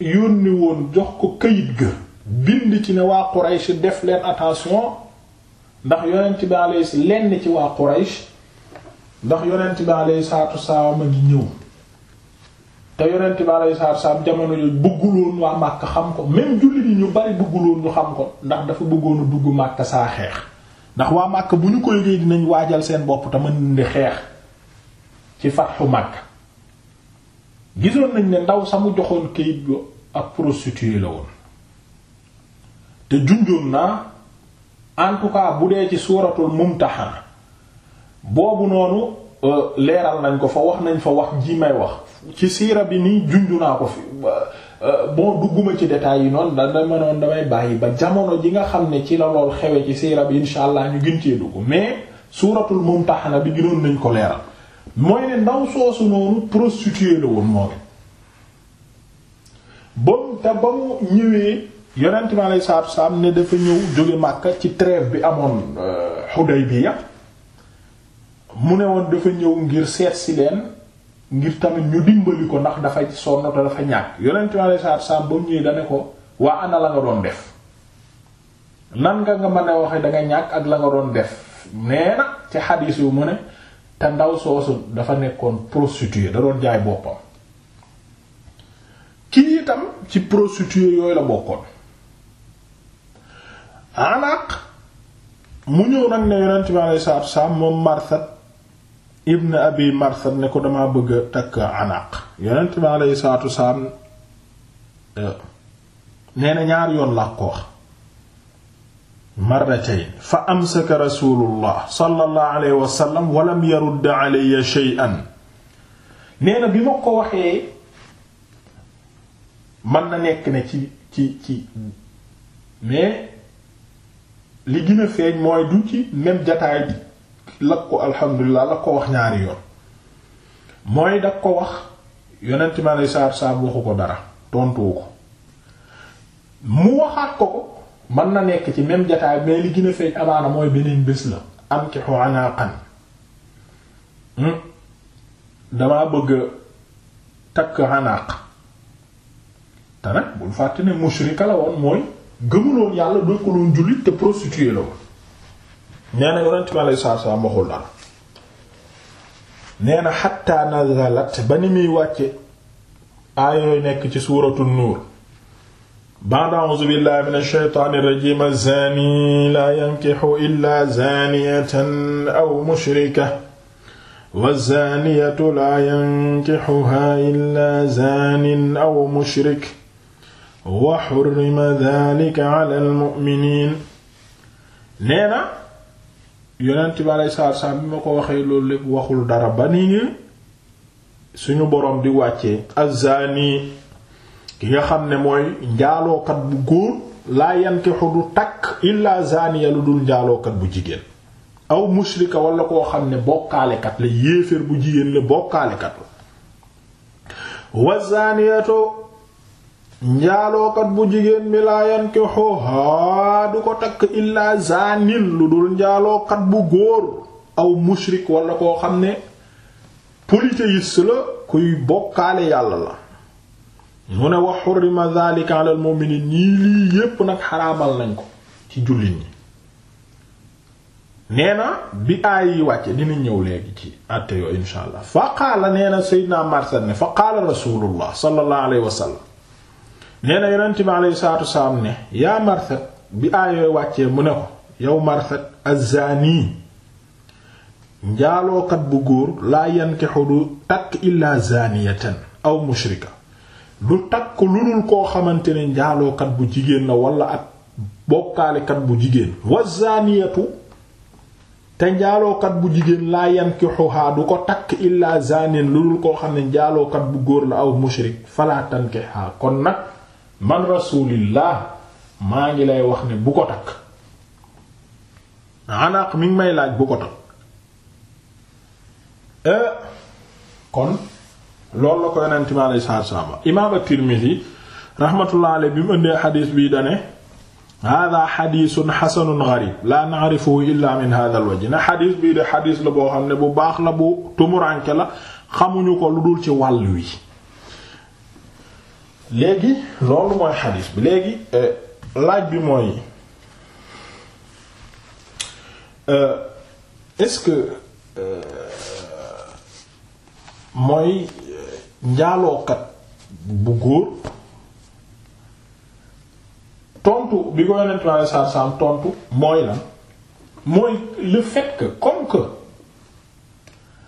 S1: yónni woon jox ko kayit ga bind ci ne waa Quraysh def leen attention ndax yonent bi alayhi lenn ci waa Quraysh ndax yonent bi alayhi saatu salaam a ngi ñëw te yonent bi alayhi salaatu salaam jamono yooyu bëgguloon waa Makka xam ko même jullit yi ñu bari bëgguloon ñu xam ko ndax dafa bëggoon a dugg Makka saa xeex ndax waa Makka bu ñu ko yëgee dinañ waajal seen bopp tama mën di xeex ci fatxu màkk gisoon nañ ne ndaw samu joxoon kayit ak prostituée la woon te junjoon naa. en tout cas bu dee ci suuratul mumtaxana boobu noonu euh, leeral nañ ko fa wax nañ fa wax ji may wax ci siira bi nii junju naa ko fi ba euh, bon dugguma ci détails yi noonu da dama damay bàyyi ba jamono ji nga xam ne ci la lool xewe ci siira bi insha allah ñu gën cee dugg mais suuratul mumtaxana bi gënoon nañ ko leeral mooy ne ndaw soosu noonu prostituée la woon moom ba te ba mu ñëwee yonent mi alayhi salaatu salaam ne dafa ñëw jóge Makka ci trêve bi amoon euh, Hudaybiya mu ne woon dafa ñëw ngir seet si leen ngir tamit ñu dimbali ko ndax dafa sonn te dafa ñàkk yonent mi alayhi salaatu ba mu ñëwee dane ko waa ana la nga doon def nan nga nga mën a waxe danga ñàkk ak la nga doon def nee na ci xadiis yu mu ne te ndaw soosu dafa nekkoon prostituée da doon jaay boppam kii itam ci prostituée yooyu la bokkoon alaq mu ñëw nag ne yonent bi alayhi salaatu wasalaam moom Marsad ibn Abi Marsad ne ko damaa bëgg a takk alaq yonent bi alayhi salaatu wasalaam eh, nee na ñaar yoon laa ko wax marratayn fa amsaka rasulullah sallallahu alayhi wa sallam wa lam yarudd alayya shay'an nee waxee mën na nekk mais li gën a feeñ mooy du ci même jataay bi la ko alhamdulilah la ko wax ñaari yoon mooy da ko wax yonent ma lay saar saab waxu ko dara tontuwu ko mu waxaat ko ko mën na nekk ci même jataay mais li gën a feeñ amaana mooy beneen bés la am ki xoanaaqan hmm? damaa bëgg takk xanaaq te nag bul fàtte ne mushrika la woon mooy gëmuloon yàlla doo ko loon jullit te prostitué la ko nee na yonent mi alayhi salaatu salaam waxul dara nee na xatta nazalat ba ni muy wàcce aayooy nekk ci suuratu a ba'da a'uuzu rajiim az-zaani laa yankihu illaa zaaniyatan aw mushrika waz-zaaniyatu laa yankihuhaa illaa zaanin aw mushrik wa xurrima dhalika ala almu'minin nee na yonent bi alei salatu salaam bi ma ko waxee loolu lépp waxul dara ba ni suñu boroom di wàccee azzaani ki nga xam ne mooy njaalookat bu góor laa yankixu du takk illaa zaaniya lu dul njaalookat bu jigéen aw mushrika wala koo xam ne bokkaalekat la yéeféer bu jigéen la bokkaalekat la wa njaalookat bu jigéen bi laa yankihuha du ko takk illaa zanin lu dul njaalookat bu góor aw mushrik walla koo xam ne polythéiste la kuy bokkaale yàlla la mu ne wa hurrima dhalika ala al mu'minin nii lii yépp nag xaraamal nañ ko ci jullit ñi nee na bi aay yi wàcce dina ñëw léegi ci àtte yoo insha allah fa qaala nee na seydina marsad ne fa qaala rasulullah sallallahu alayhi wa nee na yonent bi alayhi salaatu wasalaam ne yaa Marsad bi aayooy wàccee mu ne ko yow Marsad azzaani njaalookat bu góor laa yankihu du takk illaa zaaniyatan aw mushrika du takk lu dul koo xamante ne njaalookat bu jigéen la wala ak bokkaalekat bu jigéen wa zaaniyatu te njaalookat bu jigéen laa yankihuhaa du ko takk illaa zaanin lu dul koo xam ne njaalookat bu góor la aw mushrik falaa tankihaa kon nag man rasulillah maa ngi lay wax ni bu ko takk anaq mi may laaj bu ko takk euh, kon loolu la ko yonent mi alayhi salaatu wa rahmatullah alayhi bi mu ëndee xadiis bii dane hada xadiisun xasanun garib la na'rifuhu illa min hada al-wajh ne xadiis bii de xadiis la boo xam ne bu baax la bu tumuranke la xamuñu ko lu dul ci wàll wi léegi loolu mooy xadiis bi léegi euh, laaj bi mooy euh, est-ce que euh, mooy njaalookat bu góor tontu bi ko yonent bi sar sam tontu mooy lan mooy le fait comme que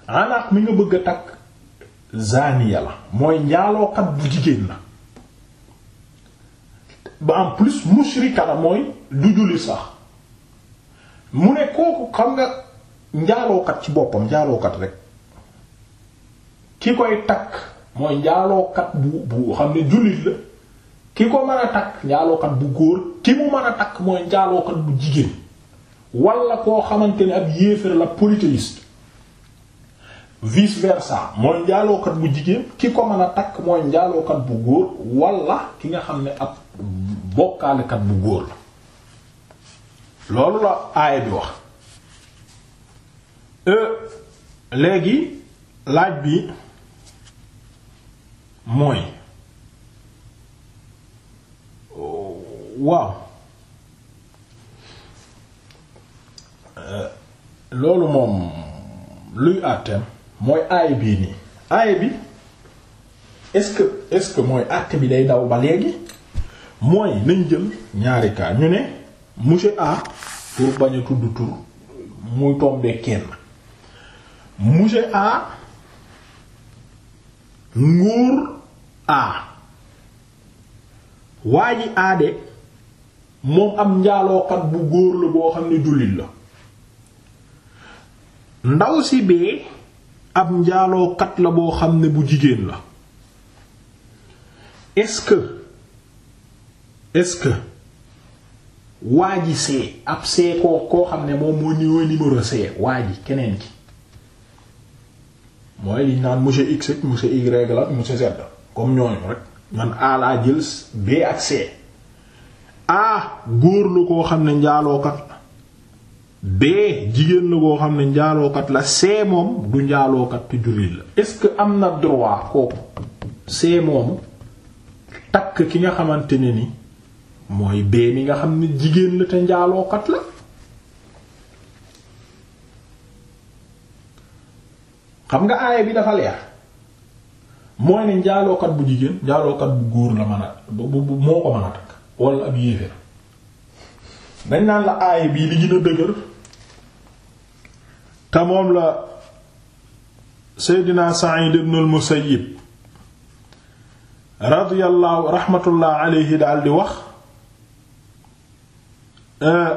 S1: anaaq mi nga bëgg a takk zaniya la mooy njaalookat bu jigéen la ba en plus mushrika la mooy du jullit sax mu ne kooku xam nga njaalookat ci boppam njaalookat rek ki koy takk mooy njaalookat bu bu xam ne jullit la ki ko mën a takk njaalookat bu góor ki mu mën a takk mooy njaalookat bu jigéen wala koo xamante ne ab yéefar la polythéiste vice versa mooy njaalookat bu jigéen ki ko mën a takk mooy njaalookat bu góor wala ki nga xam ne ab bokkaalekat bu góor loolu la aaya bi wax euh, léegi laaj bi mooy waaw euh, loolu moom luy àtteem mooy aaya bii nii aaya bi est-ce est-ce que mooy àtte bi day daw ba léegi mooy nañ jël ñaari cas ñu ne monsieur A pour bañ a tudd tur muy tombé kenn monsieur A nguur A waa ji A de moom am njaalookat bu góor la boo xam ne jullit la ndaw si bee ab njaalookat la boo xam ne bu jigéen la est-ce est-ce que waa ji see ab see koo xam ne moom moo ñëwee numéro see waa ji keneen ki mooy liñ naan monsieur X ak monsieur Y la ak monsieur Z comme ñooñu rek man A laa jël B ak C A góor la koo xam ne njaalookat la B jigéen la koo xam ne njaalookat la C moom du njaalookat te jullit la. est-ce que am na droit kooku C moom takk ki nga xamante ne ni. mooy bee mi nga xam ne jigéen la te njaalookat la xam nga aaya bi dafa leer mooy ne njaalookat bu jigéen njaalookat bu góor la mën a bu bu moo ko mën a takk wala ab yéeféer dañ naan la aaya bii li gën a dëgër te la Seydina Sa'id ibn al radiyallahu rahmatullah alayhi daal di wax Eh,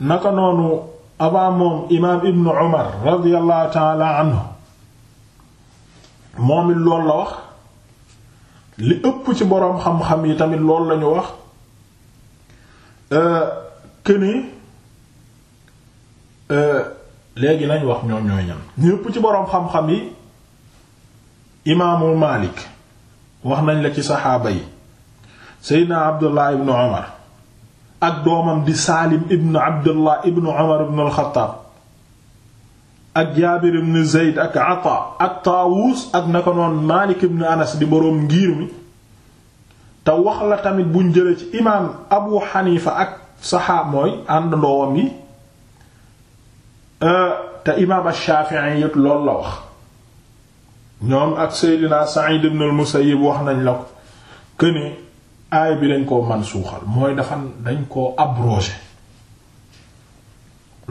S1: naka noonu avant moom imaam ibnu umar radiyallahu taala anhu moom it loolu la wax li ëpp ci boroom xam-xam yi tamit loolu lañu wax këni eh, eh, léegi nañ wax ñoom ñooy ñan ñu ëpp ci boroom xam-xam yi imaamu maalik wax nañ la ci saxaaba yi seydina abdullah ibnu umar ak doomam di saalim ibn abdullah ibn umar ibn alxataab ak jaabir ibn zeyd ak ata ak taawuus ak naka noon maalik ibn anas di boroom ngir mi te wax la tamit buñ jële ci imaam abu xanifa ak saxaa mooy ànd ndoowam yi euh, te imaam ashafii yit loolu la wax ñoom ak seydina said ibn al musayyib wax nañ la ko këne aaya bi dañ koo suuxal mooy dafa dañ koo abrogé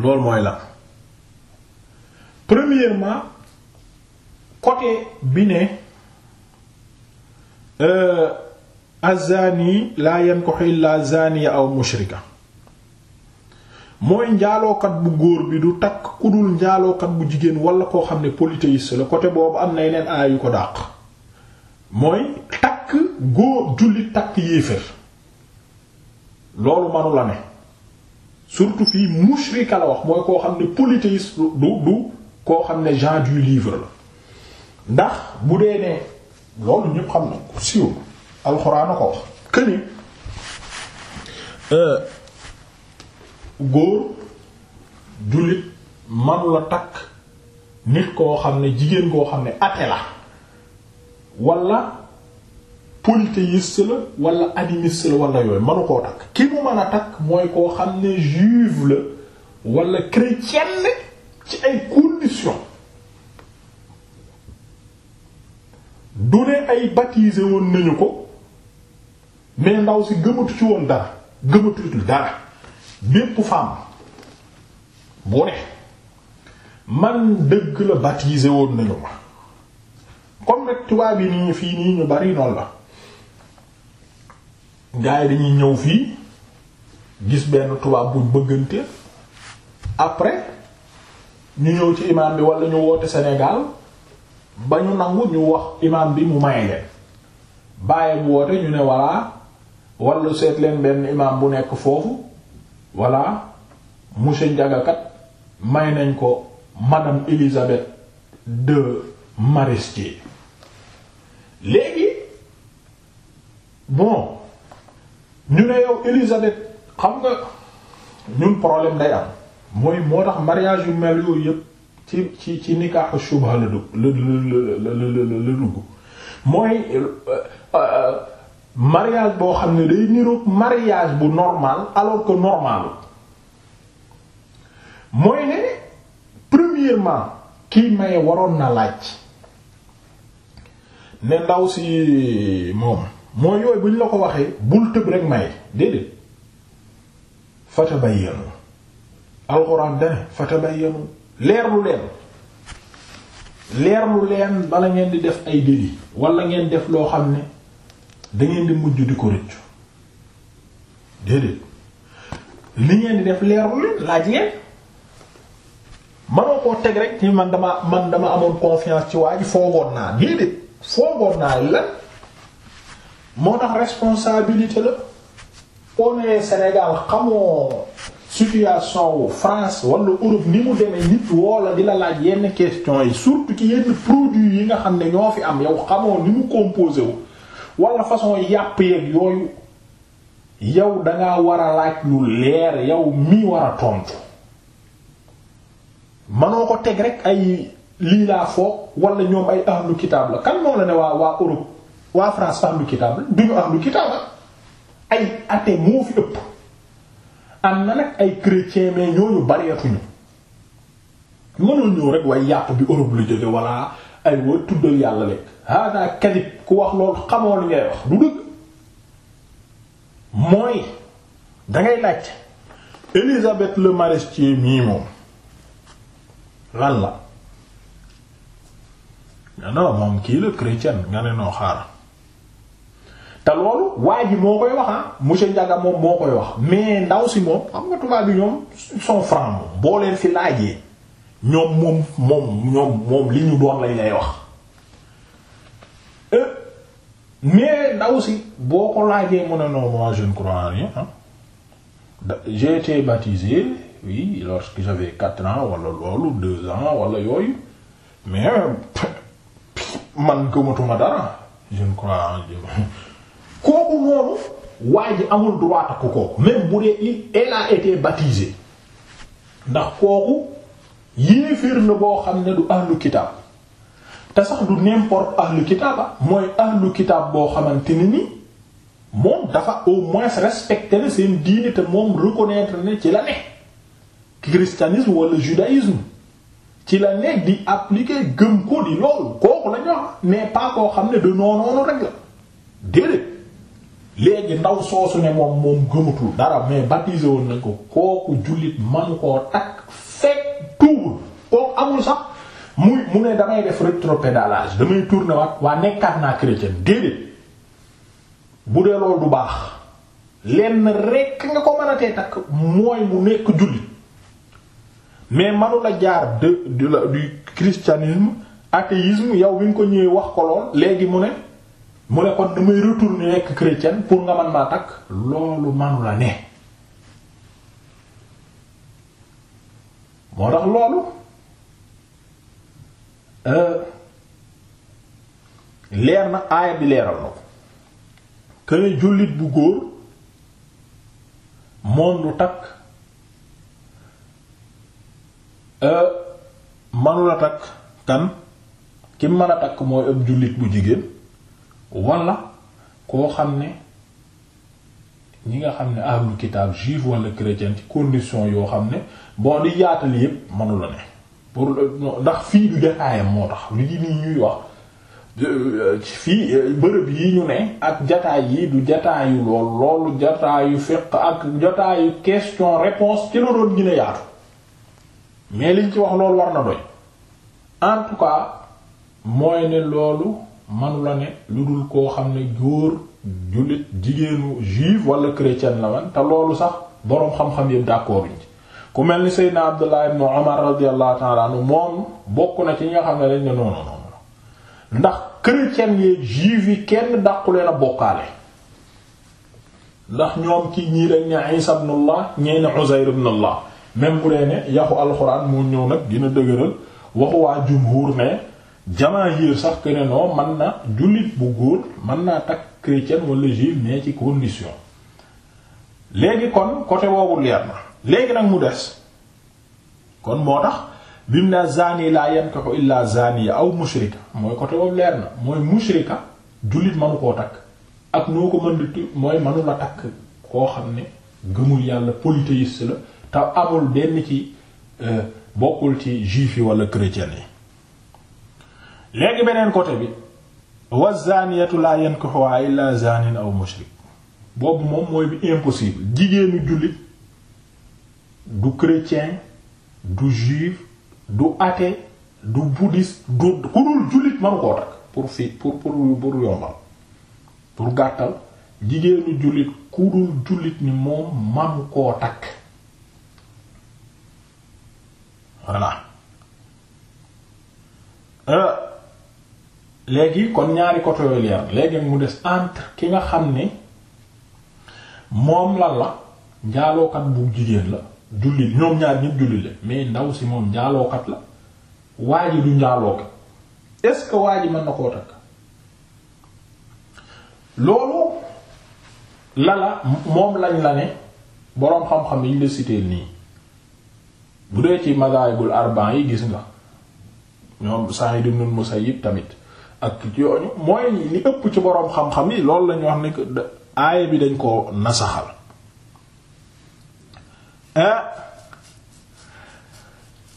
S1: loolu mooy la premièrement côté bi ne euh, azani laa yankahu illa zaniya aw mushrika mooy njaalookat bu góor bi du takk ku dul njaalookat bu jigéen wala koo xam ne polythéiste la côté boobu am na yeneen aaya yu ko dàq mooy takk takk góor jullit takk yéefér loolu manu la ne surtout fii mushrika la wax mooy koo xam ne polythéiste du du koo xam ne gens du livre la ndax bu dee ne loolu ñëpp xam na ku siiw alxuraan a ko wax këni euh, góor jullit manu takk nit koo xam ne jigéen koo xam ne athée la walla polythéiste la wala animiste la wala yooyu manu koo takk ki mu mën a takk mooy koo xam ne juive la wala chrétienne ci ay conditions du ne ay baptisé woon nañu ko mais ndaw si gëmatu ci woon dara gëmatu dara bépp femme bu ne man dëgg la baptisé woon nañu ma comme nag tubaab yi nii fii nii ñu bari noonu la gars yi dañuy ñëw fii gis benn tubaab bu bëggante après ñu ñëw ci imaam bi walla ñu woote senegaal ba ñu nangu ñu wax imaam bi mu maye leen bàyyi bu woote ñu ne voilà wala seet benn imaam bu nekk foofu voilà monsieur njagakat may nañ ko madame Elisabeth de Marestier léegi bon ñu ne yow Élisabeth xam nga ñun problème day am mooy moo tax mariage yu mel yooyu yëpp ci ci ci nikaaxu shubha la dugg la la la dugg mooy euh, euh, mariage boo xam ne day niroog mariage bu normal alors que normal mooy ne premièrement kii maye waroon na laaj ne ndaw si moom mooy yooyu bu ñu la ko waxee bul tëb rek may déedéet fatabayyanu alxuraan dana fatabayyanu leerlu leen leerlu leen bala ngeen di def ay déli walla ngeen def loo xam ne dangeen di mujj di ko rëccu déedéet li ngeen di def leerlu leen laaj ngeen manoo koo teg rek ci man dama man dama amoon confiance ci waa ji foogoon naa déedéet foogoon naa lan moo tax responsabilité la boo nee Sénégal xamoo situation wu France wala Europe ni mu demee nit woola di la laaj yenn questions yi surtout ci yenn produits yi nga xam ne ñoo fi am yow xamoo ni mu composé wu wala façon yàpp yeeg yooyu yow dangaa war a laaj lu leer yow mii war a tontu manoo ko teg rek ay lii laa foog wala ñoom ay ahlu kitaab la kan moo la ne waa waa Europe waa France ahlu kitaab la du ñu ahlu kitaab la ay athée moo fi ëpp am na nag ay chrétien mais ñooñu bareetuñu mënul ñëw rek waaye yàpp bi Europe lu jóge walla ay wa tuddal yàlla lekk hada kadib ku wax loolu xamoo li ngay wax du dëgg mooy dangay laaj Élisabeth le Maréchal mii moom lan la nga ne moom kii la chrétien nga ne noo xaar te loolu waa bi moo koy wax ah monsieur Ndiaga moom moo koy wax mais ndaw si moom xam nga tubaab bi ñoom son franc moom boo leen fi laajee ñoom moom moom ñoom moom li ñu doon lañ lay wax. Euh, mais ndaw si boo ko laajee mu ne non moi je ne crois rien ah j'ai été baptisé oui lorsque j'avais quatre ans wala loolu deux ans walla yooyu mais euh, man gëmatuma dara je ne crois kooku noonu waa ji amul droit ak kooku même bu dee il elle a été baptisée ndax kooku yéeféer na boo xam ne du ahlu kitaab te sax du n'importe ahlu kitaab ah, mooy ahlu kitaab boo xamante ni moom dafa au moins respecté na seen diine te moom reconnaître ne ci la ne christianisme wala judaïsme ci la ne di appliquer gëm ko di loolu kooku la mais pas koo xam ne du noonu rek la déedéet. léegi ndaw soosu ne moom moom gëmatul dara mais baptisé woon nañ ko kooku jullit manu koo takk fekk tuubul kooku amul sax muy mu ne damay def rétropédalage damay tourner waat waa nekkaat naa chrétien déedéet bu dee loolu du baax lenn rekk nga ko mën takk mooy mu nekk jullit mais manu jaar de du la du christianisme athéisme yow bi nga ko ñëwee wax ko lool léegi mu ne mu ne kon damay retourner nekk chrétien pour nga man maa takk loolu manu la ne moo tax loolu euh, leer na aaya bi leeral na ko këne jullit bu góor moom du takk euh, manula takk kan ki mën a takk mooy ëpp jullit bu jigéen wala koo xam ne ñi nga xam ne ahlul kitaab juif wala chrétien ci condition yoo xam ne boo di yaatal yépp mënu la ne pour ndax fii du jataayam moo tax lii nii ñuy wax euh, fii euh, bërëb yi ñu ne ak jataay yi du jataayu lool loolu jataayu fiqh ak jataayu question réponse ci la doon gën yaatu mais liñ ci wax loolu war na doy en tout cas mooy ne loolu manu la ne lu dul koo xam ne góor jullit jigéenu juif wala chrétien la man te loolu sax boroom xam-xam yëpp d'accord ci ku mel ni Seydina Abdullah ibn Umar radiyallahu ta'ala anhu moom bokk na ci ñi nga xam ne dañ ne non non non ndax chrétien yeeg juif yi kenn dàqule na bokkaale ndax ñoom ki ñii dañ ne Isa ibn Allah ñee ne Uzayr ibn même ne yaxu alxuraan mu ñëw nag dina dëgëral waxu waa jumhur ne. jamaahir sax que ne mën na jullit bu góor mën naa takk chrétien wala juif mais ci condition léegi kon côté boobu leer na léegi nag mu des kon moo tax bi mu ne zani laa yankahu illa zaniya aw mushrika mooy côté boobu leer na mooy mushrika jullit manu koo takk ak noo ko mën di mooy manu takk koo xam ne gëmul yàlla polythéiste la te amul benn ci euh, bokkul ci juif yi wala chrétien yi léegi beneen côté bi wa zaniyatu la yankihuha illa zanin aw mushrik boobu moom mooy bi impossible jigéenu jullit du chrétien du juif du athée du bouddhiste du ku dul jullit manu koo takk pour fii pour pour yombal pour gàttal jigéenu jullit ku dul jullit ni moom manu koo takk voilà euh, léegi kon ñaari côté yooyu léegi mu des entre ki nga xam ni moom la la njaalookat bu jigéen la julli ñoom ñaar ñépp julli la mais ndaw si moom njaalookat la waa ji du njaalookat est-ce que waa ji mën na koo takk loolu la la moom lañ la ne boroom xam-xam yi ñu la cité nii bu dee ci magaay mazahibul arba'a yi gis nga ñoom Sa'id ibn Musayyib tamit ak yooyu mooy ni ëpp ci boroom xam-xam yi loolu lañu wax ne que aaya bi dañ ko nasaxal ah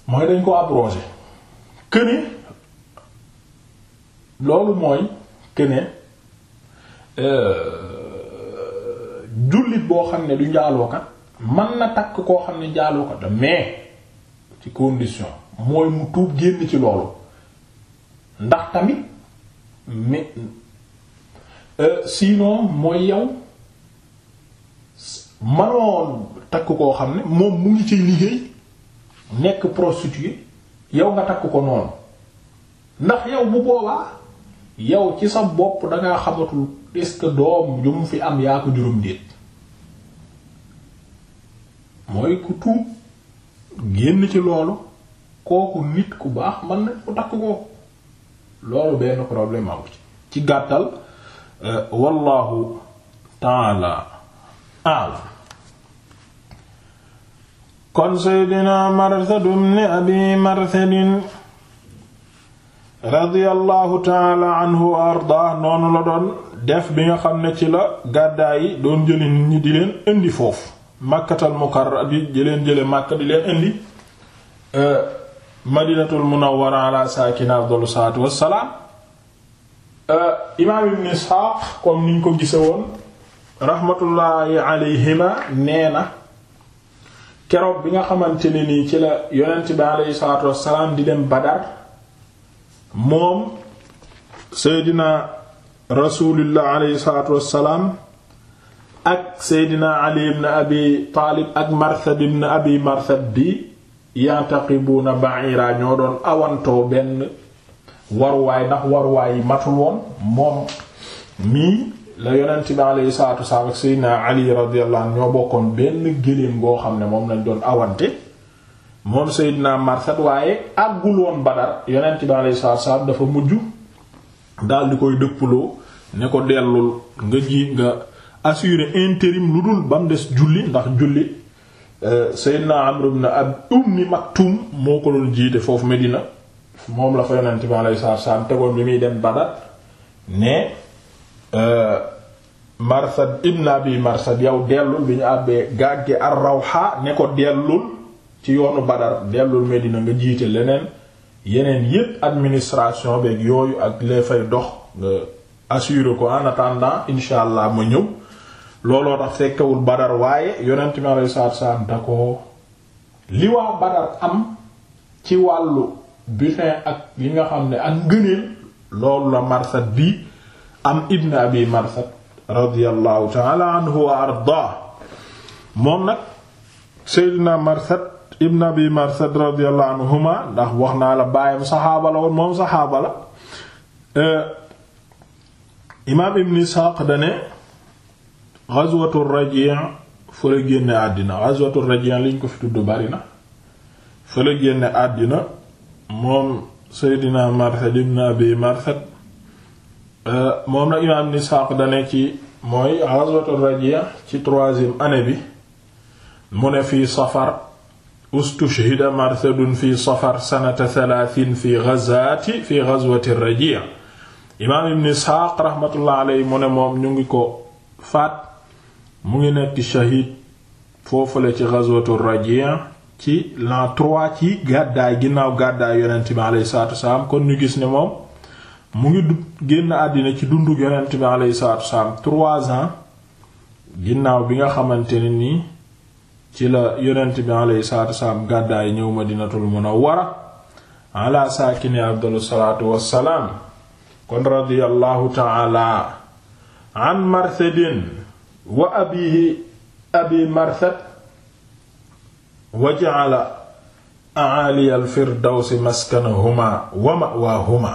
S1: mooy dañ ko abrogé këne loolu mooy këne euh, jullit boo xam ne du ka man na takk koo xam ne njaalookat la mais ci condition mooy mu tuub génn ci loolu ndax tamit mais euh, sinon mooy yow manoon takk koo xam ne moom mu ngi ciy liggéey nekk prostituée yow nga takk ko noonu ndax yow bu boobaa yow ci sa bopp dangaa xamatul est-ce que doom ju mu fi am yaa ko juróom déet mooy ku tuub génn ci loolu kooku nit ku baax mën na ku takk ko loolu benn problème amu ci gàttal euh, wallahu taala aalam kon seydina marsad ibn abi marsadin radiyallahu taala anhu wa ardaa noonu la doon def bi nga xam ne ci la gàddaa doon jëli nit ñi di leen indi foofu makkatal mukarrab di leen jële màkk di leen indi euh, madinatul munawwara ala saakina afdalu salaatu wassalaam euh, imaam ibn Isxaaq comme niñ ko gise woon rahmatullahi alayhima nee na keroog bi nga xamante ni nii ci la yonent bi alayhi salaatu wassalaam di dem Badar moom seydina rasulillah alayhi salaatu wassalaam ak seydina Ali ibn Abi Taalib ak Marsad ibn Abi Marsad bi yataqibuuna baira ñoo doon awantoo benn waruwaay ndax waruwaay yi matul woon moom mii la yonent bi alayhi salaatu wasalaam ak seydina ali radiyallahu ñoo bokkoon benn géléem goo xam ne moom lañ doon awante moom seydina marsad waaye àggul woon badar yonent bi alayhi salaatu wasalaam dafa mujj daal di koy dëppaloo ne ko dellul nga ji nga assurer intérim lu dul ba mu des julli ndax julli Euh, Seydina Amr ibn Ummi Maktum moo ko doon jiite foofu Medina moom la fa yonent bi alayhi salaatu salaam tegoon bi muy dem Badar ne euh, Marsad ibn Abi Marsad yow dellul bi ñu àbbee gàgge ar-Rawha ne ko dellul ci yoonu Badar dellul Medina nga jiite leneen yeneen yépp administration beeg yooyu ak lee fay dox nga assurer ko en attendant incha allah ma ñëw. looloo tax fekkewul badar waaye yonent mi alayhi salaatu salaam da li waa badar am ci wàllu butin ak yi nga xam ne ak ngëneel loolu la marsad bi am ibn abi marsad radiyallahu ta'ala anhu wa ardaa moom nag seydina marsad ibn abi marsad radiyallahu anhuma ndax wax naa la baayam saxaaba la woon moom saxaaba la eh, imaam ibn Isaaq dane ghazwatu raji' fa la génne àddina ghazwatu raji' liñ ko fi tudd bari na fa la génne àddina moom seydina marsad ibn abi marsad euh, moom nag imaam ibn Isxaaq dane ci mooy ghazwatu raji' ci troisième année bi mu ne fii safar ustushhida marsadun fi safar sanata thalathin fi ghazati fi ghazwati raji' imaam ibn Isxaaq rahmatullah alayhi mu moom ñu ngi ko faat mu ngi nekk shahid foofale ci ghazwatu Raji' ci l'an 3 ci gàddaay ginnaaw gàddaay yonent bi alayhi salaatu wasalaam kon ñu gis ne moom mu ngi génn àddina ci dunduk yonent bi alayhi salaatu wasalaam 3 ans ginnaaw bi nga xamante ne nii ci la yonent bi alayhi salaatu wasalaam gàddaay ñëw ma Madinatul Munawwara ala saakini afdalu salaatu wassalaam kon radiyallahu ta'ala an marthedin wa abihi abi marsad wa ja'ala a'ali al-firdawsi maskanahuma wa ma'waahuma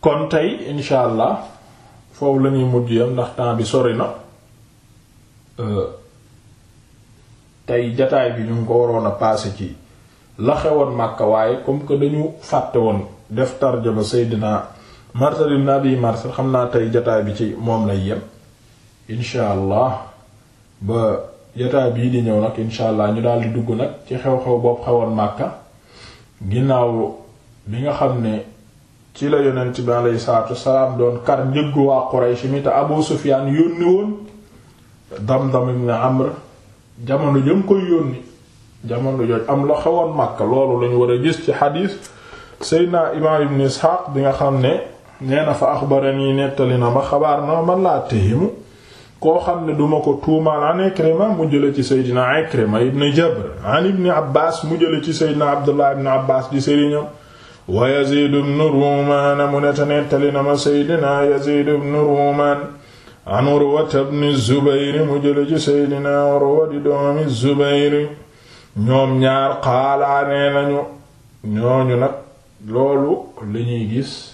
S1: kon tey insha foofu lañuy mujj yam ndax temps bi sori na euh, tey jataay bi ñu ngi ko waroon a paase ci la xewoon Makka waaye comme que dañu fàtte woon def tarjama Seydina Marsad ibn Abi Marsad xam naa tey jataay bi ci moom lay yem incha ba jataay bii di ñëw nag incha ñu daal di dugg nag ci xew-xew boobu xewoon Màkka ginnaaw bi nga xam ne ci la yonent bi alayhi salaatu wasalaam doon kar njëggu waa Quraysh mi te Abu Sufyaan yónni woon Damdam ibn Amr jamono jëm koy yónni jamono joj am la xewoon Màkka loolu lañu war a gis ci xadiis Seydina Imaam Ibn Isxaaq bi nga xam ne nee na fa axbarani nettali na ma xabaar na man laa téhimu koo xam ne duma ko tuumaal an Ikrima mu jële ci Seydina Ikrima ibn Jabr an ibn Abbas mu jële ci Seydina Abdullah ibn Abbas di sëriñam wa Yazid ibn Ruman na ma Seydina Yazid ibn Ruman an Urwa ibn Zubayr mu jële ci Seydina Urwa di doomi ñoom ñaar xaalaanee nañu ñooñu nag loolu li ñuy gis